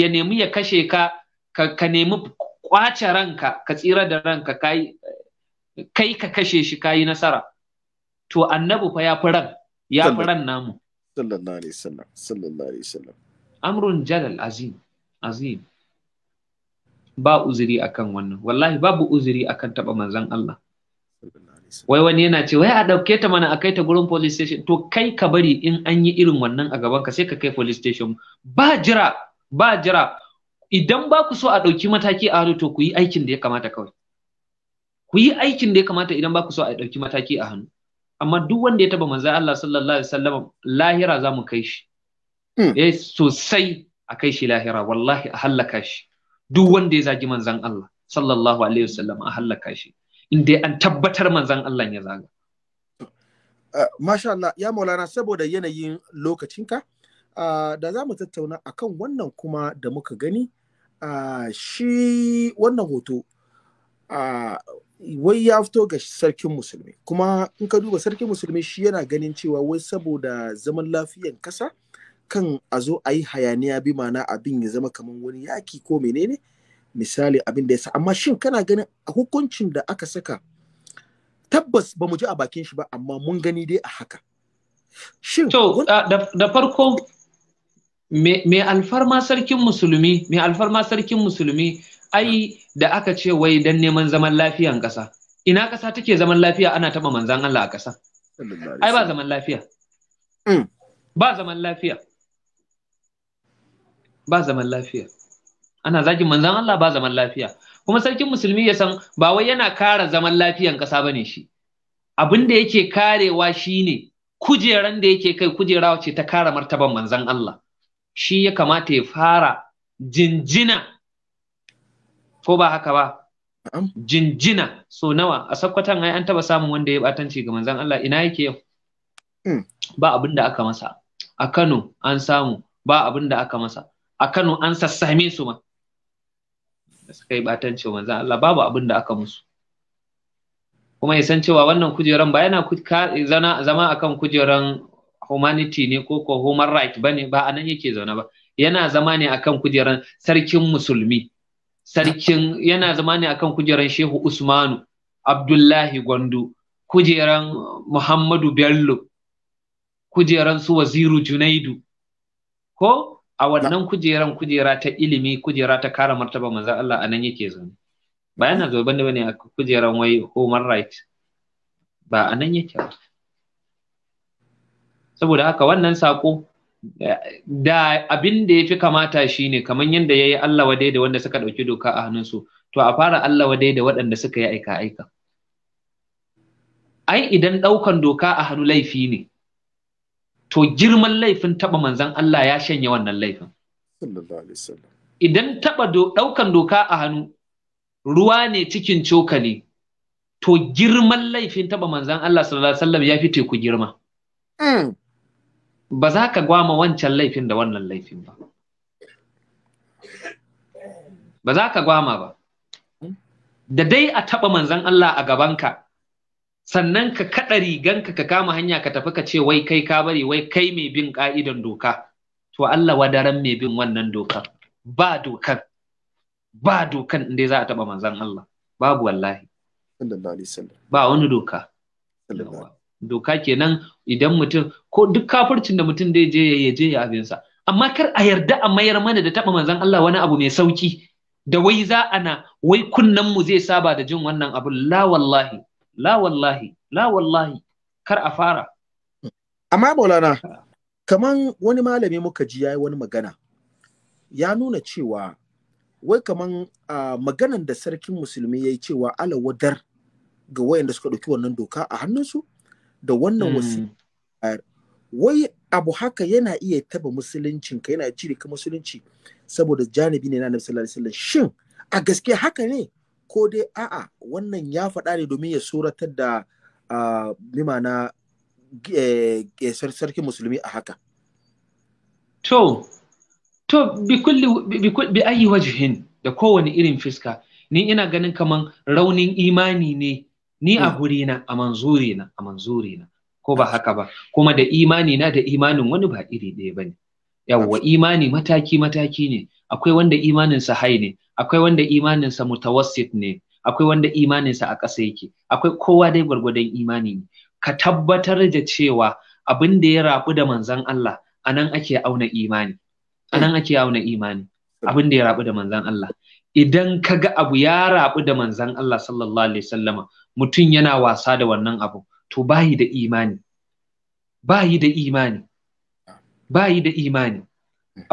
ya nemi ya kashe ka ka nemi kwace ranka ka tsira da ranka kai kai ka kashe shi yi nasara to annabi fa ya fi ran ya fi ran namu sallallahu alaihi wasallam sallallahu alaihi wasallam amrun jalal azim azim ba uzuri akan wannan wallahi babu uzuri akan taba manzan Allah wai wani yana ce wai a dauke ta mana a kai ta gurin police station to kai ka bari in an yi irin wannan a gaban ka sai ka kai police station ba jira ba jira idan ba ku so a dauki mataki a hannu to ku yi aikin da ya kamata kawai ku yi aikin da ya kamata idan ba ku so a dauki mataki a hannu amma duk wanda ya taba manzan Allah sallallahu alaihi wasallam lahira za mu kai shi hmm. eh sosai a kai shi lahira wallahi a hallaka shi duk wanda ya zagi manzan Allah sallallahu alaihi wasallam a hallaka shi in an tabbatar manzan Allah ya zaga uh, ya maulana saboda yanayin lokacinka ka uh, da za mu tattauna akan wannan kuma da muka gani uh, shi wannan hoto wai ya fito ga sarkin musulmi kuma in ka duba sarkin musulmi shi yana ganin cewa wai saboda zaman lafiyan kasa kan a zo a yi hayaniya bi mana abin ya zama kamar wani yaki ko menene misali abin da ya sa amma shin kana ganin hukuncin da aka saka tabbas ba mu ji a bakin shi ba amma mun gani dai a haka shin to da farko mai alfarma sarkin musulmi mai alfarma sarkin musulmi ai da aka ce wai dan neman zaman lafiyan ƙasa ina ƙasa take zaman lafiya ana taɓa manzan Allah a ƙasa ai mm. ba zaman lafiya ba zaman lafiya ba zaman lafiya ana zagin manzon Allah ba zaman lafiya kuma sarkin musulmi ya san ba wai yana kara zaman lafiyan kasa bane shi abin da yake karewa shine kujeran da yake kai kujerawa ce ta kara martaban manzon Allah shi ya kamata ya fara jinjina ko ba haka ba jinjina so nawa a sakkwatan ai an taba samun wanda ya batanci ga manzon Allah ina yake yau hmm. ba abin da aka masa a Kano an samu ba abin da aka masa a Kano an sassame su ma da suka yi batancin manzan Allah babu abin da aka musu kuma ya san cewa wannan kujeran ba yana zama akan kujeran humanity ne ko ko human right bane ba anan yake zaune ba yana zama ne akan kujeran sarkin musulmi sarkin yana zama ne akan kujeran Shehu Usmanu Abdullahi Gwandu kujeran Muhammadu Bello kujeran su Waziru Junaidu ko a wannan kujeran kujera ta ilimi kujera ta kara martaba manzon Allah a nan yake zaune ba yana zo bane bane a kujeran wai human right ba a nan yake ba saboda haka wannan sako da abin da ya fi kamata ne kamar yadda ya yi Allah wadai da wanda suka ɗauki doka a hannunsu to a fara Allah wadai da waɗanda suka yi aika aika ai idan ɗaukan doka a hannu laifi ne to girman laifin taba manzan Allah ya shanye wannan laifin idan taba ɗaukan doka a hannu ruwa ne cikin cokali to girman laifin taba manzan Allah sallallahu ya fi teku girma mm. ba za ka gwama wancan laifin da wannan laifin ba ba za ka gwama ba da dai a taba manzan Allah a gabanka sannan ka kaɗa riganka ka kama hanya ka tafi ka ce wai kai ka bari wai kai mai bin ƙa'idan doka to Allah wadaran mai bin wannan doka ba dokan ba dokan inda za a taɓa manzan Allah babu wallahi ba wani doka doka kenan idan mutum ko duk kafircin da mutum dai je ya je ya abinsa amma kar a yarda a mayar mana da taɓa manzan Allah wani abu mai sauki da wai za ana wai kunnen mu zai saba da jin wannan abu. la wallahi la wallahi kar a fara amma maulana kaman wani malami muka ji yayi wani magana ya nuna cewa wai kaman uh, maganan da sarkin musulmi ya yi cewa ala wadar ga wayanda suka ɗauki wannan doka a hannunsu da wannan mm. wasu wai abu haka yana iya taba musuluncin ka yana cire ka musulunci saboda janibi ne na annabi sallallahu alaihi wasallam shin a gaske haka ne ko dai a'a wannan ya faɗa ne domin ya suratar da limana eh, eh, sarki musulmi a haka to to bi ayi wajihin da kowane irin fiska ni ina ganin kaman raunin imani ne ni a mm. gurina a manzurina a manzurina ko ba haka ba kuma da imani na da imanin wani ba iri ɗaya ba ne yawwa imani mataki mataki ne akwai wanda imaninsa hai ne akwai wanda imaninsa mutawassit ne akwai wanda imaninsa a ƙasa yake akwai kowa dai gwargwadon imani ne ka tabbatar da cewa abin da ya rabu da manzan Allah a nan ake auna imani anan ake auna imani abin da ya rabu da manzan Allah idan ka ga abu ya rabu da manzan Allah sallallahu alaihi sallama mutum yana wasa da wannan abu to bayi da imani bayi da imani bayi da imani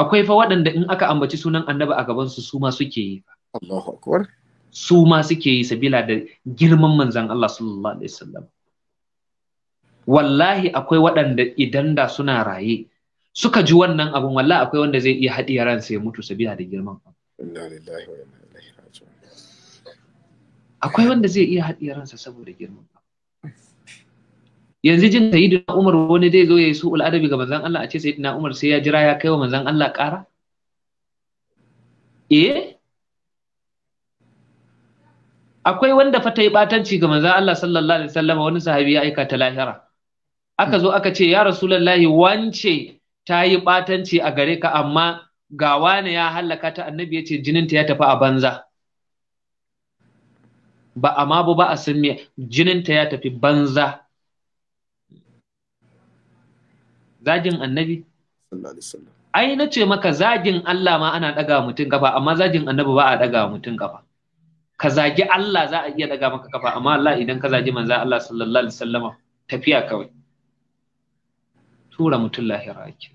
akwai fa waɗanda in aka ambaci sunan annabi a gabansu su ma suke yi Allahu akbar su ma suke yi sabila da girman manzan Allah sallallahu alaihi wasallam wallahi akwai waɗanda idan da suna raye suka ji wannan abun wallahi akwai wanda zai iya haɗiya ransa ya mutu sabila da girman akwai wanda zai iya haɗiya ransa saboda girman yanzu jin sayyidina Umar wani zai zo yayi su adabi ga manzon Allah a ce sayyidina Umar sai ya jira ya kai wa manzon Allah ƙara eh akwai wanda fa ta yi batanci ga manzon Allah sallallahu alaihi wasallam wani sahabi ya aika ta lahira aka zo aka ce ya rasulullahi wance ta yi batanci a gare ka amma ga wani ya hallaka ta annabi ya ce jininta ya tafi a banza ba a ba a san me jininta ya tafi banza zagin annabi ai na ce maka zagin Allah ma ana daga mutum kafa amma zagin annabi ba a daga mutum kafa ka zagi Allah za a iya daga maka kafa amma Allah idan ka zagi manza Allah sallallahu alaihi wasallama tafiya kawai tura mutum lahira ake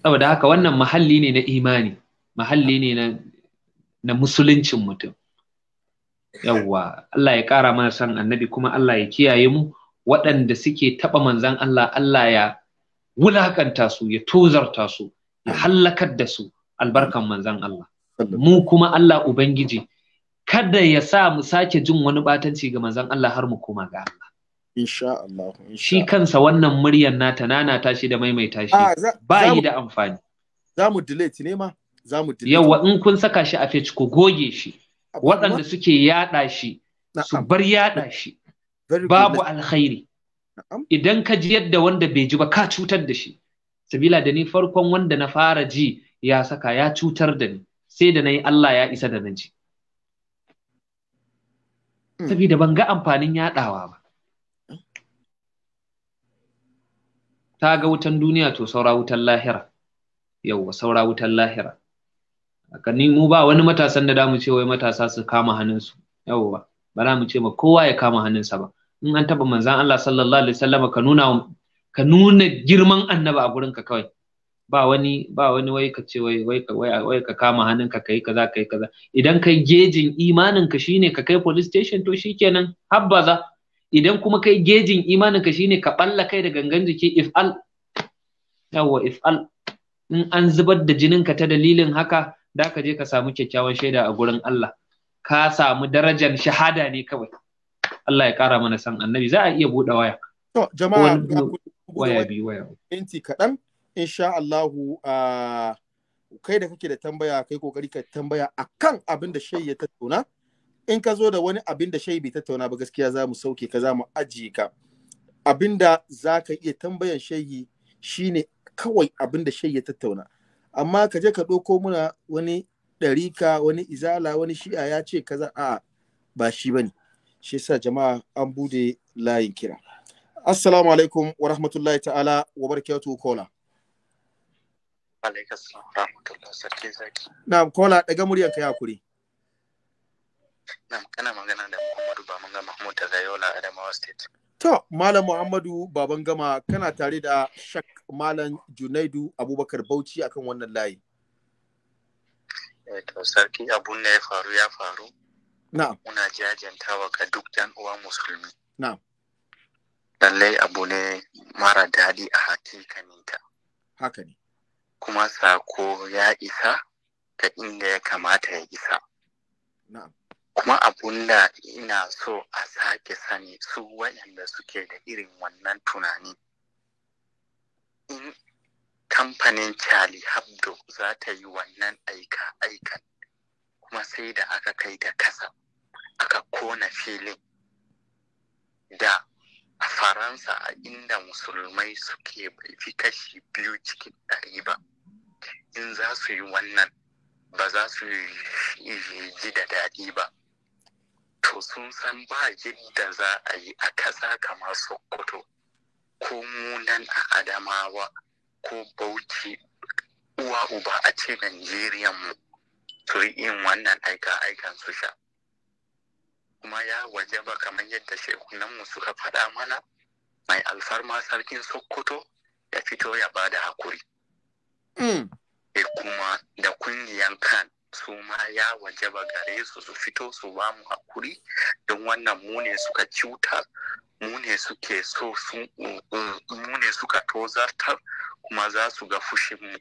saboda haka wannan mahalli ne na imani mahalli ne na na musuluncin mutum yawwa Allah ya kara mana san annabi kuma Allah ya kiyaye mu waɗanda suke taɓa manzan Allah Allah ya wulakanta su ya tozarta su ya hallakar da su albarkan manzan Allah mu kuma Allah ubangiji kada ya sa mu sake jin wani batanci ga manzan Allah har mu koma ga Allah insha Allah shi kansa wannan muryar nata nana ta shi da maimaita shi ah, ba yi da amfani za mu delete ne ma za mu delete yawa in kun saka shi a fetch ko goge shi waɗanda suke yaɗa shi su bar yaɗa shi babu alkhairi idan ka ji yadda wanda bai ji ba ka cutar da shi sabila da ni farkon wanda na fara ji ya saka ya cutar da ni sai da na yi Allah ya isa da na ji hmm. sabida ban ga amfanin yaɗawa ba ta ga wutan duniya to saura wutan lahira yauwa saura wutan lahira haka ni mu ba wani matasan da damu ce wai matasa su kama hannunsu yauwa ba za mu ce ma kowa ya kama hannunsa ba in an taba manzan Allah sallallahu alaihi wasallam ka nuna ka nuna girman annaba a gurinka kawai ba wani ba wani wai ka ce wai wai wai ka kama hannunka kai kaza kai kaza idan kai gejin imanin ka shine ka kai police station to shikenan habbaza idan kuma kai gejin imanin ka shine ka balla kai da gangan jiki if'al if if'al in an zubar da jinin ka ta dalilin haka da ka je ka samu kyakkyawan shaida a gurin Allah ka samu darajar shahada ne kawai Allah ya kara mana san annabi za a iya buɗe waya to jama'a waya biyu waya inci kaɗan insha Allahu kai da kake da tambaya kai kokari ka tambaya akan abin da shai ya tattauna in ka zo da wani abin da shai bai tattauna ba gaskiya za mu sauke ka za mu ajiye ka abin da za ka iya tambayan shayi shine kawai abin da shai ya tattauna amma ka je ka ɗauko muna wani ɗarika wani izala wani shi'a ya ce kaza a ba shi bane shi sa jama'a an bude layin kira assalamu alaikum wa rahmatullahi ta'ala wa barakatuhu kola Na'am kola daga muryan ka yakuri Na'am kana magana da Muhammadu Babanga Mahmud daga Yola Adamawa State To Malam Muhammadu Babangama kana tare da Shak Malam Junaidu Abubakar Bauchi akan wannan layi Eh to sarki abun ne ya faru ya faru muna jajantawa ga duk dan uwa musulmi lallai abu ne mara daɗi a hakikaninta haka ne kuma sako ya isa ga inda ya kamata ya isa kuma abun ina so a sake sani su waɗanda suke da irin wannan tunani in kamfanin charlie habdo za ta yi wannan aika aikan kuma sai da aka kai da kasa aka kona filin da a faransa a inda musulmai suke bai fi kashi biyu cikin ɗari ba in za su yi wannan ba za su yi ji da daɗi ba to sun san ba yadda za a yi a kasa kamar sokoto ko munan a adamawa ko bauchi uwa uba a ce najeriyan mu su yin wannan aika aikan su sha kuma ya wajaba kamar yadda shekunanmu suka faɗa mana mai alfarma sarkin sokoto ya fito ya ba da hakuri. Mm. E kuma da kungiyan kan su ma ya wajaba gare su su fito su ba mu hakuri don wannan mune suka cuta mune suke so su suka tozartar kuma za su ga fushinmu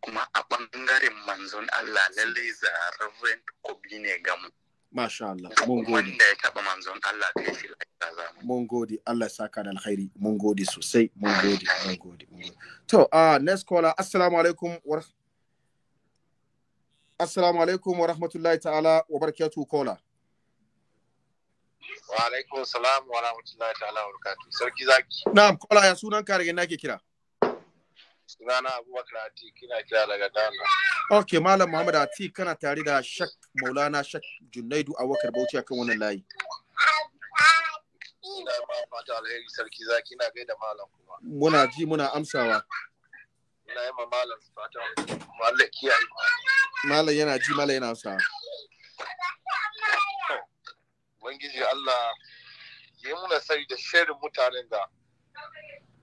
kuma a ɓangaren manzon Allah lallai zararren kobi ne gamu Masha Allah, mun gode. Wanda ya taɓa manzon Allah kai shi lafiya Mun gode, Allah saka da alkhairi, mun gode sosai, mun gode, mun gode, To, uh, next caller, assalamu alaikum wa Assalamu alaikum wa rahmatullahi ta'ala wa barakatuhu caller. Wa alaikum salam wa rahmatullahi ta'ala wa barakatuhu. Sarki zaki. Na'am, caller ya sunan ka daga ina ke kira? Sunana Abubakar Ati, kina kira daga Ok, Malam Muhammad Ati kana tare da Shak Maulana Shak Junaidu a wakar Bauchi akan wannan layi. Muna ji muna amsawa. Na yi ma malam fata malam kiyaye. Malam yana ji malam yana amsawa. Ubangiji Allah ya muna sari da shirin mutanen da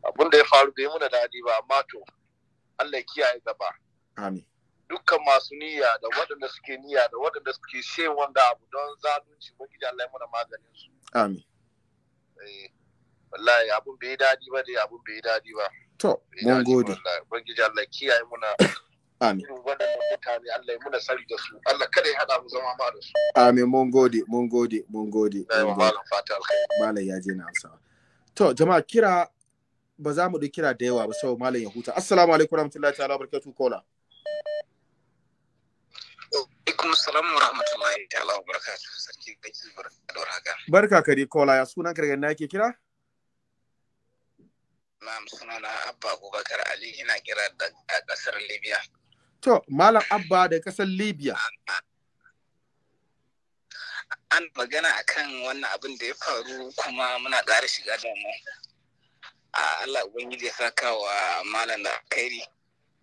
abin da ya faru da ya muna dadi ba amma to Allah kiyaye gaba. Amin. dukkan masu niyya da waɗanda suke niyya da waɗanda suke she wanda abu don zalunci ubangiji Allah mana maganin su amin eh wallahi abun bai dadi ba dai abun bai dadi ba to mun gode ubangiji Allah kiyaye muna amin waɗannan mutane Allah ya muna sari da su Allah kada ya hada mu zama ba da su amin mun gode mun gode mun gode malam fata malam ya je na sa to jama'a kira ba za mu da kira da yawa ba saboda malam ya huta assalamu alaikum warahmatullahi ta'ala barakatuh kola alaikum salam wa rahmatullahi ta'ala wa barakatuh sarki gaji barka da warhaka barka ka dai kola ya sunan kirgan na ke kira na'am sunana abba abubakar ali ina kira da kasar libya to malam abba da kasar libya an magana akan wannan abin da ya faru kuma muna ƙara shiga da mu Allah ubangiji ya saka wa malam da kairi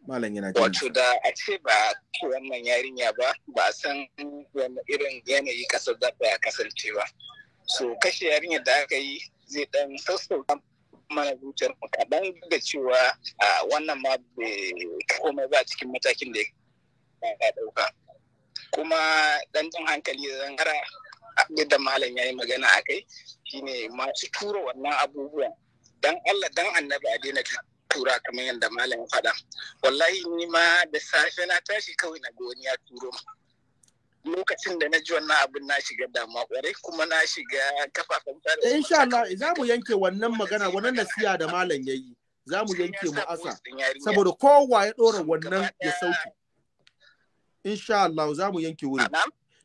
malam yana wato da a ce ba ke wannan yarinya ba ba san wani irin yanayi kasar za a kasance ba so kashe yarinya da aka yi zai dan sassauta mana zuciyar mu kaɗan da cewa wannan ma bai komai ba cikin matakin da ya ɗauka kuma dan jin hankali zangara yadda malam ya yi magana a kai shine masu tura wannan abubuwan dan Allah dan annabi a daina tura kamar yadda malam ya faɗa wallahi ni ma da safe na tashi kawai na ga wani ya turo lokacin da na ji wannan abin na shiga damuwa ƙwarai kuma na shiga kafafen sada insha Allah za mu yanke wannan magana wannan nasiya da malam yayi za mu yanke mu asa saboda kowa ya ɗora wannan ya sauke insha Allah za mu yanke wuri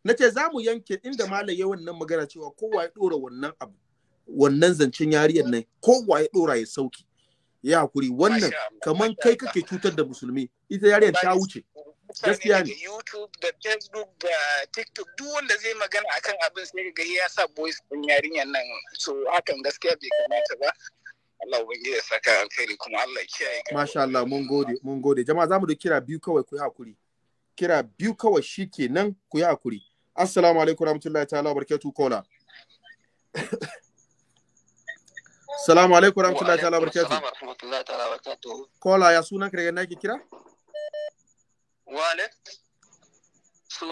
Na ce za mu yanke inda malam yayi wannan magana cewa kowa ya ɗora wannan abu wannan zancen yariyar nan kowa ya ɗora ya sauki ya hakuri wannan kaman kai kake cutar da musulmi ita yaren ta wuce gaskiya ne YouTube da Facebook da TikTok duk wanda zai magana akan abin sai ga ya sa boys din yarinyar nan so hakan gaskiya bai kamata ba Allah ubangiji ya saka alkhairi kuma Allah ya kiyaye Masha Allah mun gode mun gode jama'a zamu da kira biyu kawai ku yi hakuri kira biyu kawai shikenan ku yi hakuri assalamu alaikum warahmatullahi ta'ala barakatuh kola Salamu alaikum rahmatullahi ta'ala barakatuh. Salamu rahmatullahi ta'ala barakatuh. Kola ya sunan ka daga nake kira? Walid.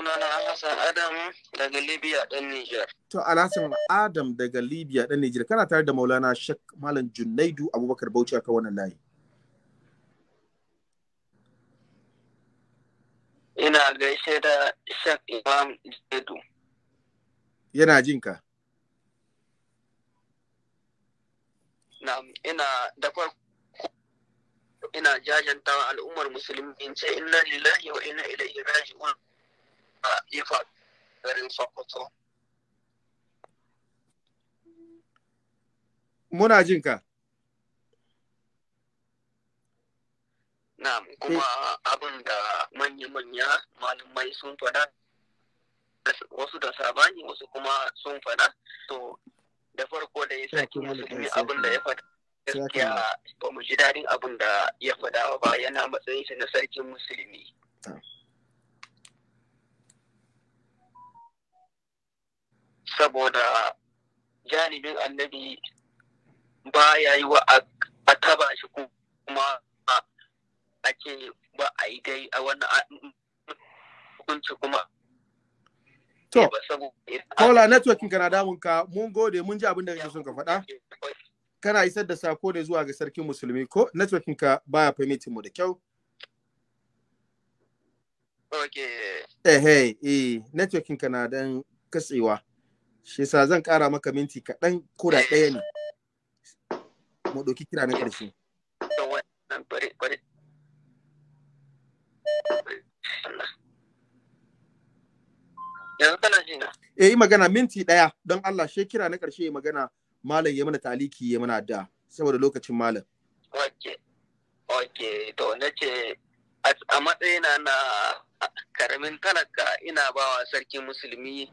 na Hassan Adam daga Libya dan Niger. To Alhassan Adam daga Libya dan Niger kana tare da Maulana Sheikh Malam Junaidu Abubakar Bauchi a wannan layi. Ina gaishe da Sheikh Imam Junaidu. Yana jinka. ina da farko ina jajantawa al'ummar musulmi in ce inna lillahi wa inna ilaihi raji'un a ifa garin sokoto muna jin ka na'am kuma abin da manya-manya malamai sun fada wasu da sabani wasu kuma sun fada to da farko da ya saki musulmi abin da ya fada gaskiya ba mu ji daɗin abin da ya faɗa ba yana matsayinsa na sarkin musulmi. Saboda janibin annabi ba ya yi wa a taba shi kuma a ce ba a yi dai a wannan hukunci kuma To, kola networking kana damunka mun gode mun ji abin da kake son ka faɗa. kana isar da sako ne zuwa ga sarkin musulmi ko networking ka baya permitting mu da kyau Okay. Eh, hey, eh, networking na dan katsewa. Shi sa zan ƙara maka minti kaɗan ko da ɗaya ne. Mu ɗauki kira na ƙarshe. Yanzu kana jina? Eh, magana minti ɗaya don Allah shi kira na ƙarshe magana malam ya mana taliki ya mana da saboda lokacin malam Oke, oke, to na ce a matsayina na karamin talaka ina bawa sarki musulmi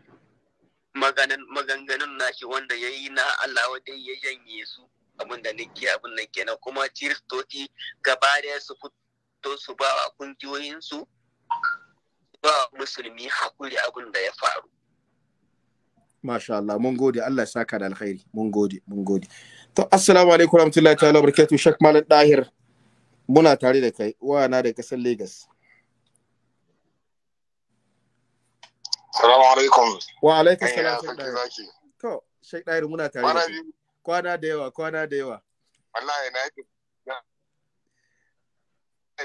maganganun nashi wanda ya yi na Allah wajen ya janye su abin da nake abin nan kenan kuma kiristoci gaba da su fito su ba wa kungiyoyinsu ba musulmi hakuri abin da ya faru Masha Allah, mun gode, Allah ya saka da alkhairi, mun gode, mun gode. To, assalamu alaikum warahmatullahi ta'ala barakatuh, Shek Malam Dahir. Muna tare da kai, wana da kasar Lagos. Assalamu alaikum. Wa alaikum salam. To, Shek Dahir muna tare da kai. Kwana da yawa, kwana da yawa. Allah ya na yi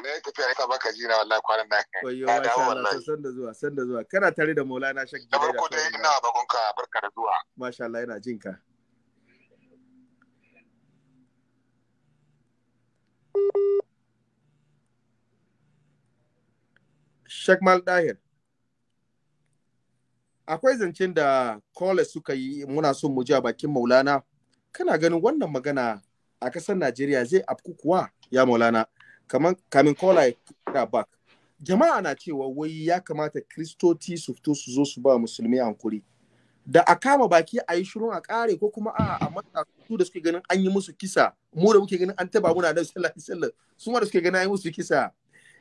da ya tafiya yasa baka ji na wallahi kwanan da kai. Oyo masha Allah san da zuwa san da zuwa kana tare da Maulana Shak Jibril. Da farko dai ina bakon ka barka da zuwa. Masha Allah yana jin ka. Shek Mal Dahir. Akwai zancen da Kole suka yi muna son mu ji a bakin Maulana. Kana ganin wannan magana a ƙasar Najeriya zai afku kuwa ya Maulana. kamar kamin kola ya kira back jama'a na cewa wai ya kamata kristoci su fito su zo su ba musulmi hankuri da a kama baki a yi shirin a kare ko kuma a a mata su da suke ganin an yi musu kisa mu da muke ganin an taba muna da sallah sallah su ma da suke ganin an yi musu kisa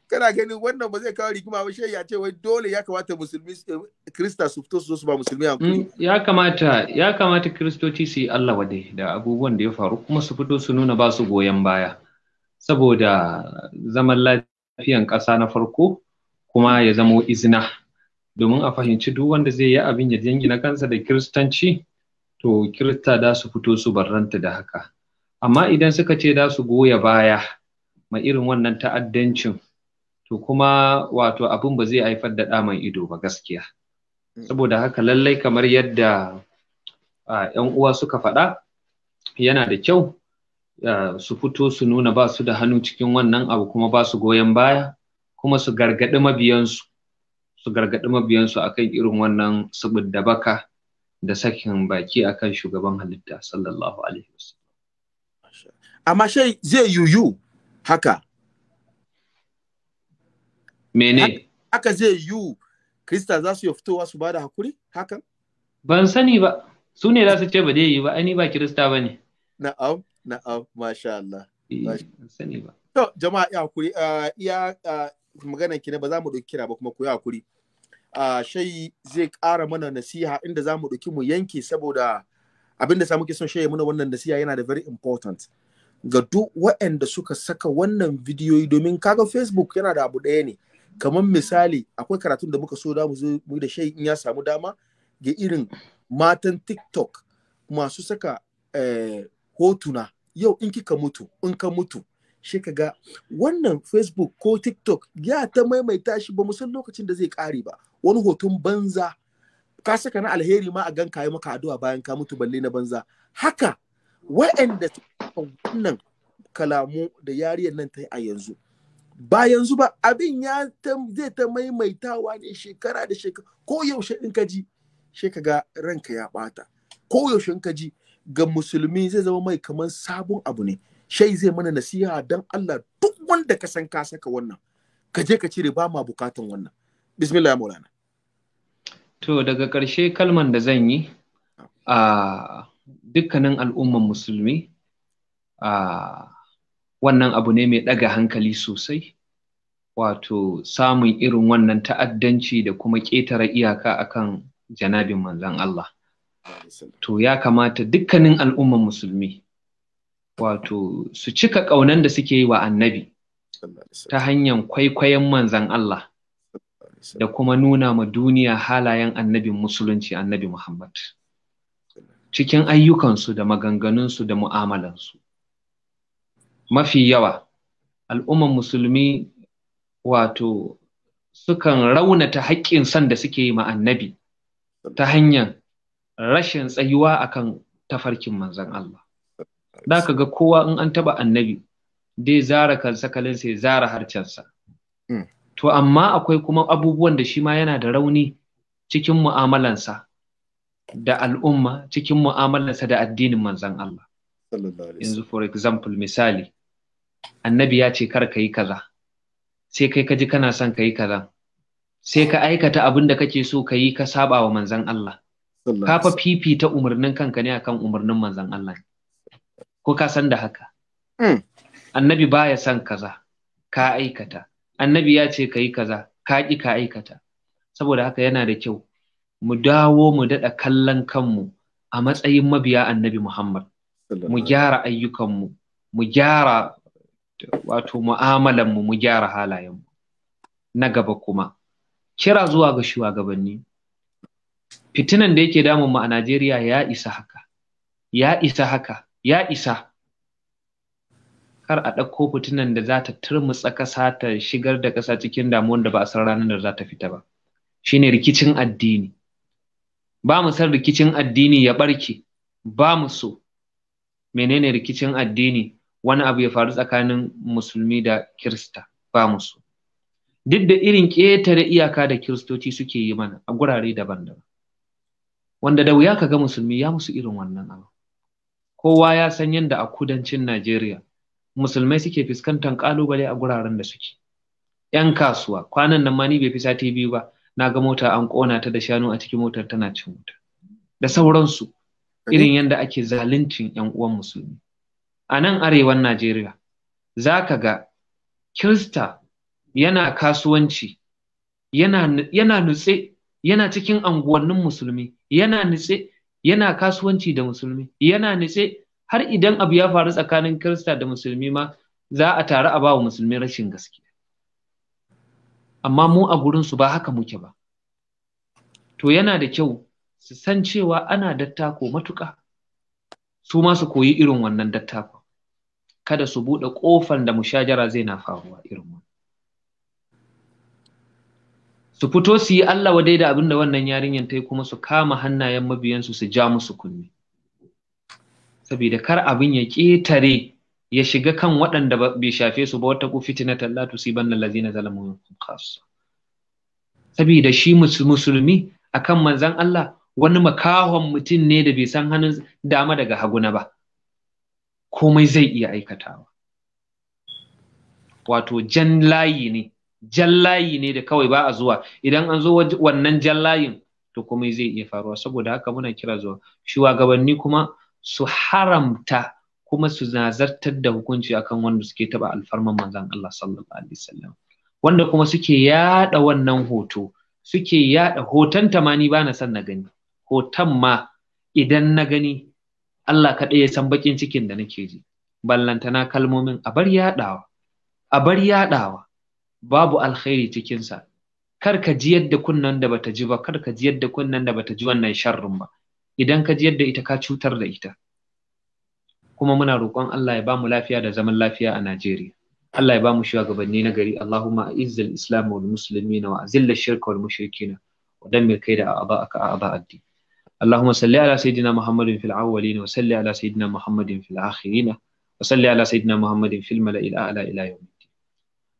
kana ganin wannan ba zai kawo rigima ba shi ya ce wai dole ya kamata musulmi krista su fito su zo su ba musulmi hankuri mm, ya kamata ya kamata kristoci su yi Allah wade da abubuwan da ya faru kuma su fito su nuna ba su goyon baya saboda zaman lafiyan ƙasa na farko kuma ya zamo izina domin a fahimci duk wanda zai yi abin ya jingina kansa da kiristanci to kirista da su fito su barranta da haka amma idan suka ce da su goya baya ma irin wannan ta'addancin to kuma wato abin ba zai haifar da ɗa mai ido ba gaskiya saboda haka lallai kamar yadda 'yan uwa suka faɗa yana da kyau su fito su nuna ba su da hannu cikin wannan abu kuma ba su goyon baya kuma su gargaɗi mabiyansu su gargaɗi mabiyansu akan irin wannan subud da baka da sakin baki akan shugaban halitta sallallahu alaihi wasallam amma shai zai yuyu haka mene haka zai yu krista za su yi fitowa su ba da hakuri hakan ban sani ba su ne za su ce ba zai yi ba ani ba kirista ba ne na'am Na'am, masha Allah. Eh, ba. To, jama'a ya kuri iya maganan ki ba za mu ɗauki kira ba kuma ku yi hakuri. Shai zai ƙara mana nasiha inda za mu ɗauki mu yanke saboda abinda da sa muke son shaye mana wannan nasiha yana da very important. Ga duk waɗanda suka saka wannan bidiyoyi domin kaga Facebook yana da abu ɗaya ne. Kamar misali, akwai karatun da muka so da mu zo mu da shai in ya samu dama ga irin matan TikTok masu saka eh, hotuna yau in kika mutu in ka mutu shi ka ga wannan facebook ko tiktok ya ta maimaita shi ba san lokacin da zai kare ba wani hoton banza ka saka na alheri ma a gan kayi maka addu'a bayan ka mutu balle na banza haka wa'anda wannan kalamu da yariyar nan ta yi a yanzu ba yanzu ba abin ya zai ta maimaitawa ne shekara da shekara ko yaushe in ka ji shi ka ga ranka ya bata ko yaushe in ka ji ga musulmi zai zama mai kamar sabon abu ne shai zai mana nasiha dan Allah duk wanda ka san ka saka wannan ka je ka cire ba ma bukatan wannan bismillah ya maulana to daga ƙarshe kalman da zan yi ah. a dukkanin al'umman musulmi a wannan abu ne mai ɗaga hankali sosai wato samun irin wannan ta'addanci da kuma ƙetare iyaka akan janabin manzon Allah to ya kamata dukkanin al'umman musulmi wato su cika ƙaunan da suke yi wa annabi ta hanyar kwaikwayon manzan Allah da kuma nuna ma duniya halayen annabin musulunci annabi Muhammad cikin ayyukansu da maganganunsu da mu'amalansu mafi yawa al'umman musulmi wato sukan raunata haƙƙin san da suke yi ma annabi ta hanyar rashin tsayuwa akan tafarkin manzan Allah da ka ga kowa in an taba annabi dai zara kalsakalinsa ya zara harcensa hmm. to amma akwai kuma abubuwan da shi ma yana da rauni cikin mu'amalansa da al'umma cikin mu'amalansa da addinin manzan Allah yanzu for example misali annabi ya ce kar ka yi kaza sai kai ka ji kana son ka yi kaza sai ka aikata abin da kake so ka yi ka saba wa manzon Allah ka fa fifita umarnin kanka ne akan umarnin Manzan Allah ko ka san da haka hmm. annabi baya son kaza ka aikata annabi ya ce ka yi kaza ka ƙi ka aikata saboda haka yana da kyau mu dawo mu daɗa kallon kanmu a matsayin mabiya annabi Muhammad mu gyara ayyukanmu mu gyara wato mu'amalanmu mu gyara halayenmu na gaba kuma kira zuwa ga shugabanni fitinan da yake damun mu a Najeriya ya isa haka ya isa haka ya isa kar a ɗauko fitinan da za ta turmutsa ƙasa ta shigar da kasa cikin damuwar da ba a san ranar da za ta fita ba shine rikicin addini ba mu san rikicin addini ya barke ba mu so menene rikicin addini wani abu ya faru tsakanin musulmi da kirista ba mu so duk da irin ƙetare iyaka da kiristoci suke yi mana a gurare daban-daban wanda da wuya ka ga musulmi ya musu irin wannan abu kowa ya san yadda a kudancin Najeriya musulmai suke fuskantar kalubale a guraren da suke yan kasuwa kwanan nan ma ni bai fi sati biyu ba na ga mota an kona ta da shanu a cikin motar tana cin wuta da sauransu irin yadda ake zaluncin yan uwan musulmi a nan arewan Najeriya za ka ga Kirista yana kasuwanci yana nutse yana cikin anguwannin musulmi yana nitse yana kasuwanci da musulmi yana nitse har idan abu ya faru tsakanin kirista da musulmi ma za a taru a bawa musulmi rashin gaskiya amma mu a gurinsu ba haka muke ba to yana da kyau su san cewa ana dattako matuƙa su ma su koyi irin wannan dattako kada su buɗe ƙofan da mushajara zai na faruwa irin wannan su fito su yi Allah wa da abin da wannan yarinyar ta yi kuma su kama hannayen mabiyansu su ja musu kunne saboda kar abin ya ƙetare ya shiga kan waɗanda bai shafe su ba wata kufiti na tallatu si ban lallazi na zalamu saboda shi musulmi akan manzan Allah wani makahon mutum ne da bai san hannun dama daga haguna ba komai zai iya aikatawa wato jan layi ne jallayi ne da kawai ba a zuwa idan an zo wannan jallayin to komai zai iya faruwa saboda haka muna kira zuwa shugabanni kuma su haramta kuma su nazartar da hukunci akan wanda suke taba alfarman manzon Allah sallallahu alaihi wasallam wanda kuma suke yada wannan hoto suke yada hoton tamani bana son na gani hoton ma idan na gani Allah kaɗai ya san bakin cikin da nake ji ballantana kalmomin a bar yaɗawa a bar yaɗawa babu alkhairi cikinsa kar ka ji yadda kunnan da bata ji ba kar ka ji yadda kunnan da bata ji wannan sharrin ba idan ka ji yadda ita ka cutar da ita kuma muna roƙon Allah ya bamu lafiya da zaman lafiya a Najeriya Allah ya bamu shugabanni na gari Allahumma a'izzal islam wal muslimin wa azil shirka wal mushrikin wa dammir kaida a'da'aka a'da ad-din اللهم صل على سيدنا محمد في الأولين وصل على سيدنا محمد في الآخرين وصل على سيدنا محمد في الملأ يوم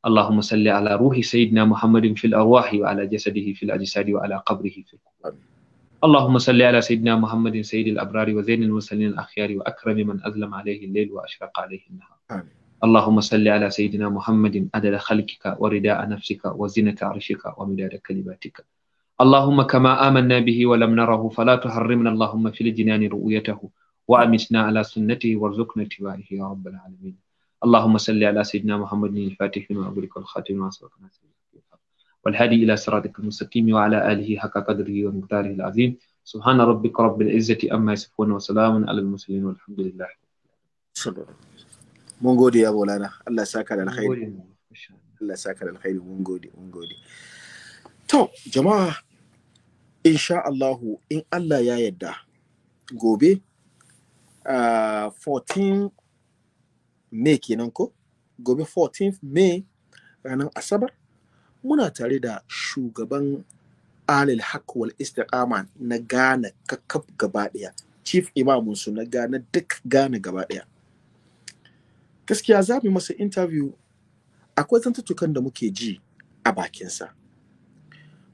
اللهم صل على روح سيدنا محمد في الأرواح وعلى جسده في الأجساد وعلى قبره في القبور اللهم صل على سيدنا محمد سيد الأبرار وزين المرسلين الأخيار وأكرم من أظلم عليه الليل وأشرق عليه النهار آمين. اللهم صل على سيدنا محمد عدد خلقك ورداء نفسك وزنة عرشك ومداد كلماتك اللهم كما آمنا به ولم نره فلا تحرمنا اللهم في الجنان رؤيته وأمسنا على سنته وارزقنا اتباعه يا رب العالمين اللهم صل على سيدنا محمد الفاتح لما أغلق والخاتم لما سبق والهادي إلى صراطك المستقيم وعلى آله حق قدره ومقداره العظيم سبحان ربك رب العزة أما يصفون وسلام على المرسلين والحمد لله mun gode ya bolana Allah saka da alkhairi Allah saka da alkhairi mun gode mun gode to jama'a insha Allah in Allah ya yarda gobe uh, 14 may kenan ko gobe 14th may ranar asabar muna tare da shugaban alil haq wal istiqama na ghana kakkaf gaba daya chief imamunsu na ghana duk ghana gaba daya gaskiya za mu masa interview akwai zantattukan da muke ji a bakinsa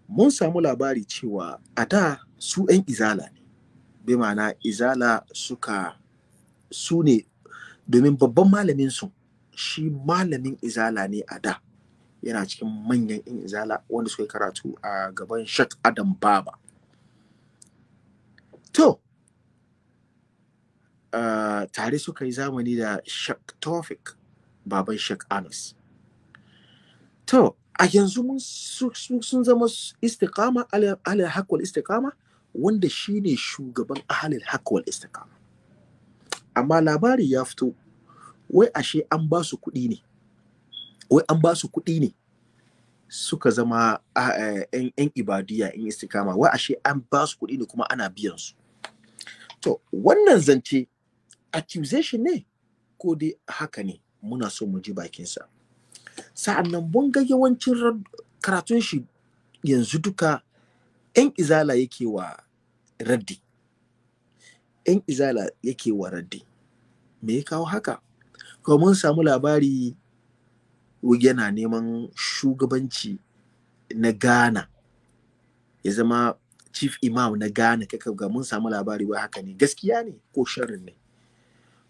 mun samu labari cewa a da su 'yan izala ne bi ma'ana izala suka su ne domin babban malamin su shi malamin izala ne a da yana cikin manyan in izala wanda suka karatu a gaban shak adam baba to uh, tare suka yi zamani da shak tofik baban shak anas to a yanzu mun sun zama istikama alal hakwal istikama wanda shine shugaban ahalil hakwal istikama amma labari ya fito wai ashe an ba su kuɗi ne wai an ba su kuɗi ne suka zama yan ah, eh, ibadiya isa istikama wai ashe an ba su kuɗi ne kuma ana biyan su to wannan zance accusation ne ko dai haka ne muna so mu ji bakinsa sa'annan nan mun ga yawancin karatun shi yanzu duka yan izala yake wa raddi yan izala yake wa raddi me ya kawo haka ko mun samu labari yana neman shugabanci na Ghana, ya zama chief imam na Ghana kaka ga mun samu labari wai haka ne gaskiya ne ko sharrin ne.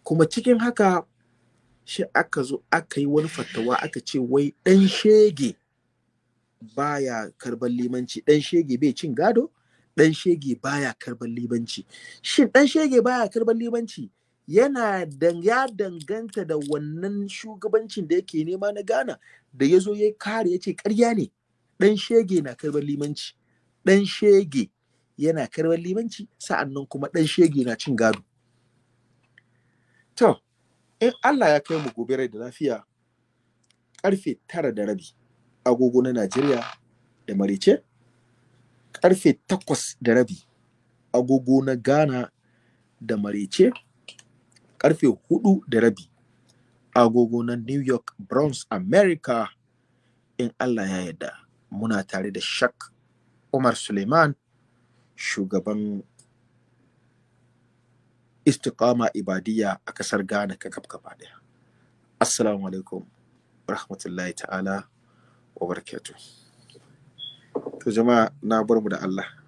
Kuma cikin haka shi aka zo aka yi wani fatawa aka ce wai dan shege baya karban limanci Dan shege bai cin gado dan shege baya karban limanci shin dan shege baya karban limanci yana ya danganta da wannan shugabancin da yake nema na gana da ya zo ya kare ya ce karya ne 'Dan shege na karɓar limanci 'Dan shege yana karɓar limanci sa'annan kuma 'dan shege na cin gado to in Allah ya kai mu gobe rai da lafiya karfe tara da rabi agogo na Najeriya da Marice karfe takwas da rabi agogo na Ghana da Marice karfe hudu da rabi agogo na new york bronx america in allah ya yarda muna tare da shak umar suleiman shugaban istiqama ibadiyya a kasar ghana ka kafka gaba daya assalamu alaikum rahmatullahi ta'ala wa barakatuh to jama'a na bar mu da allah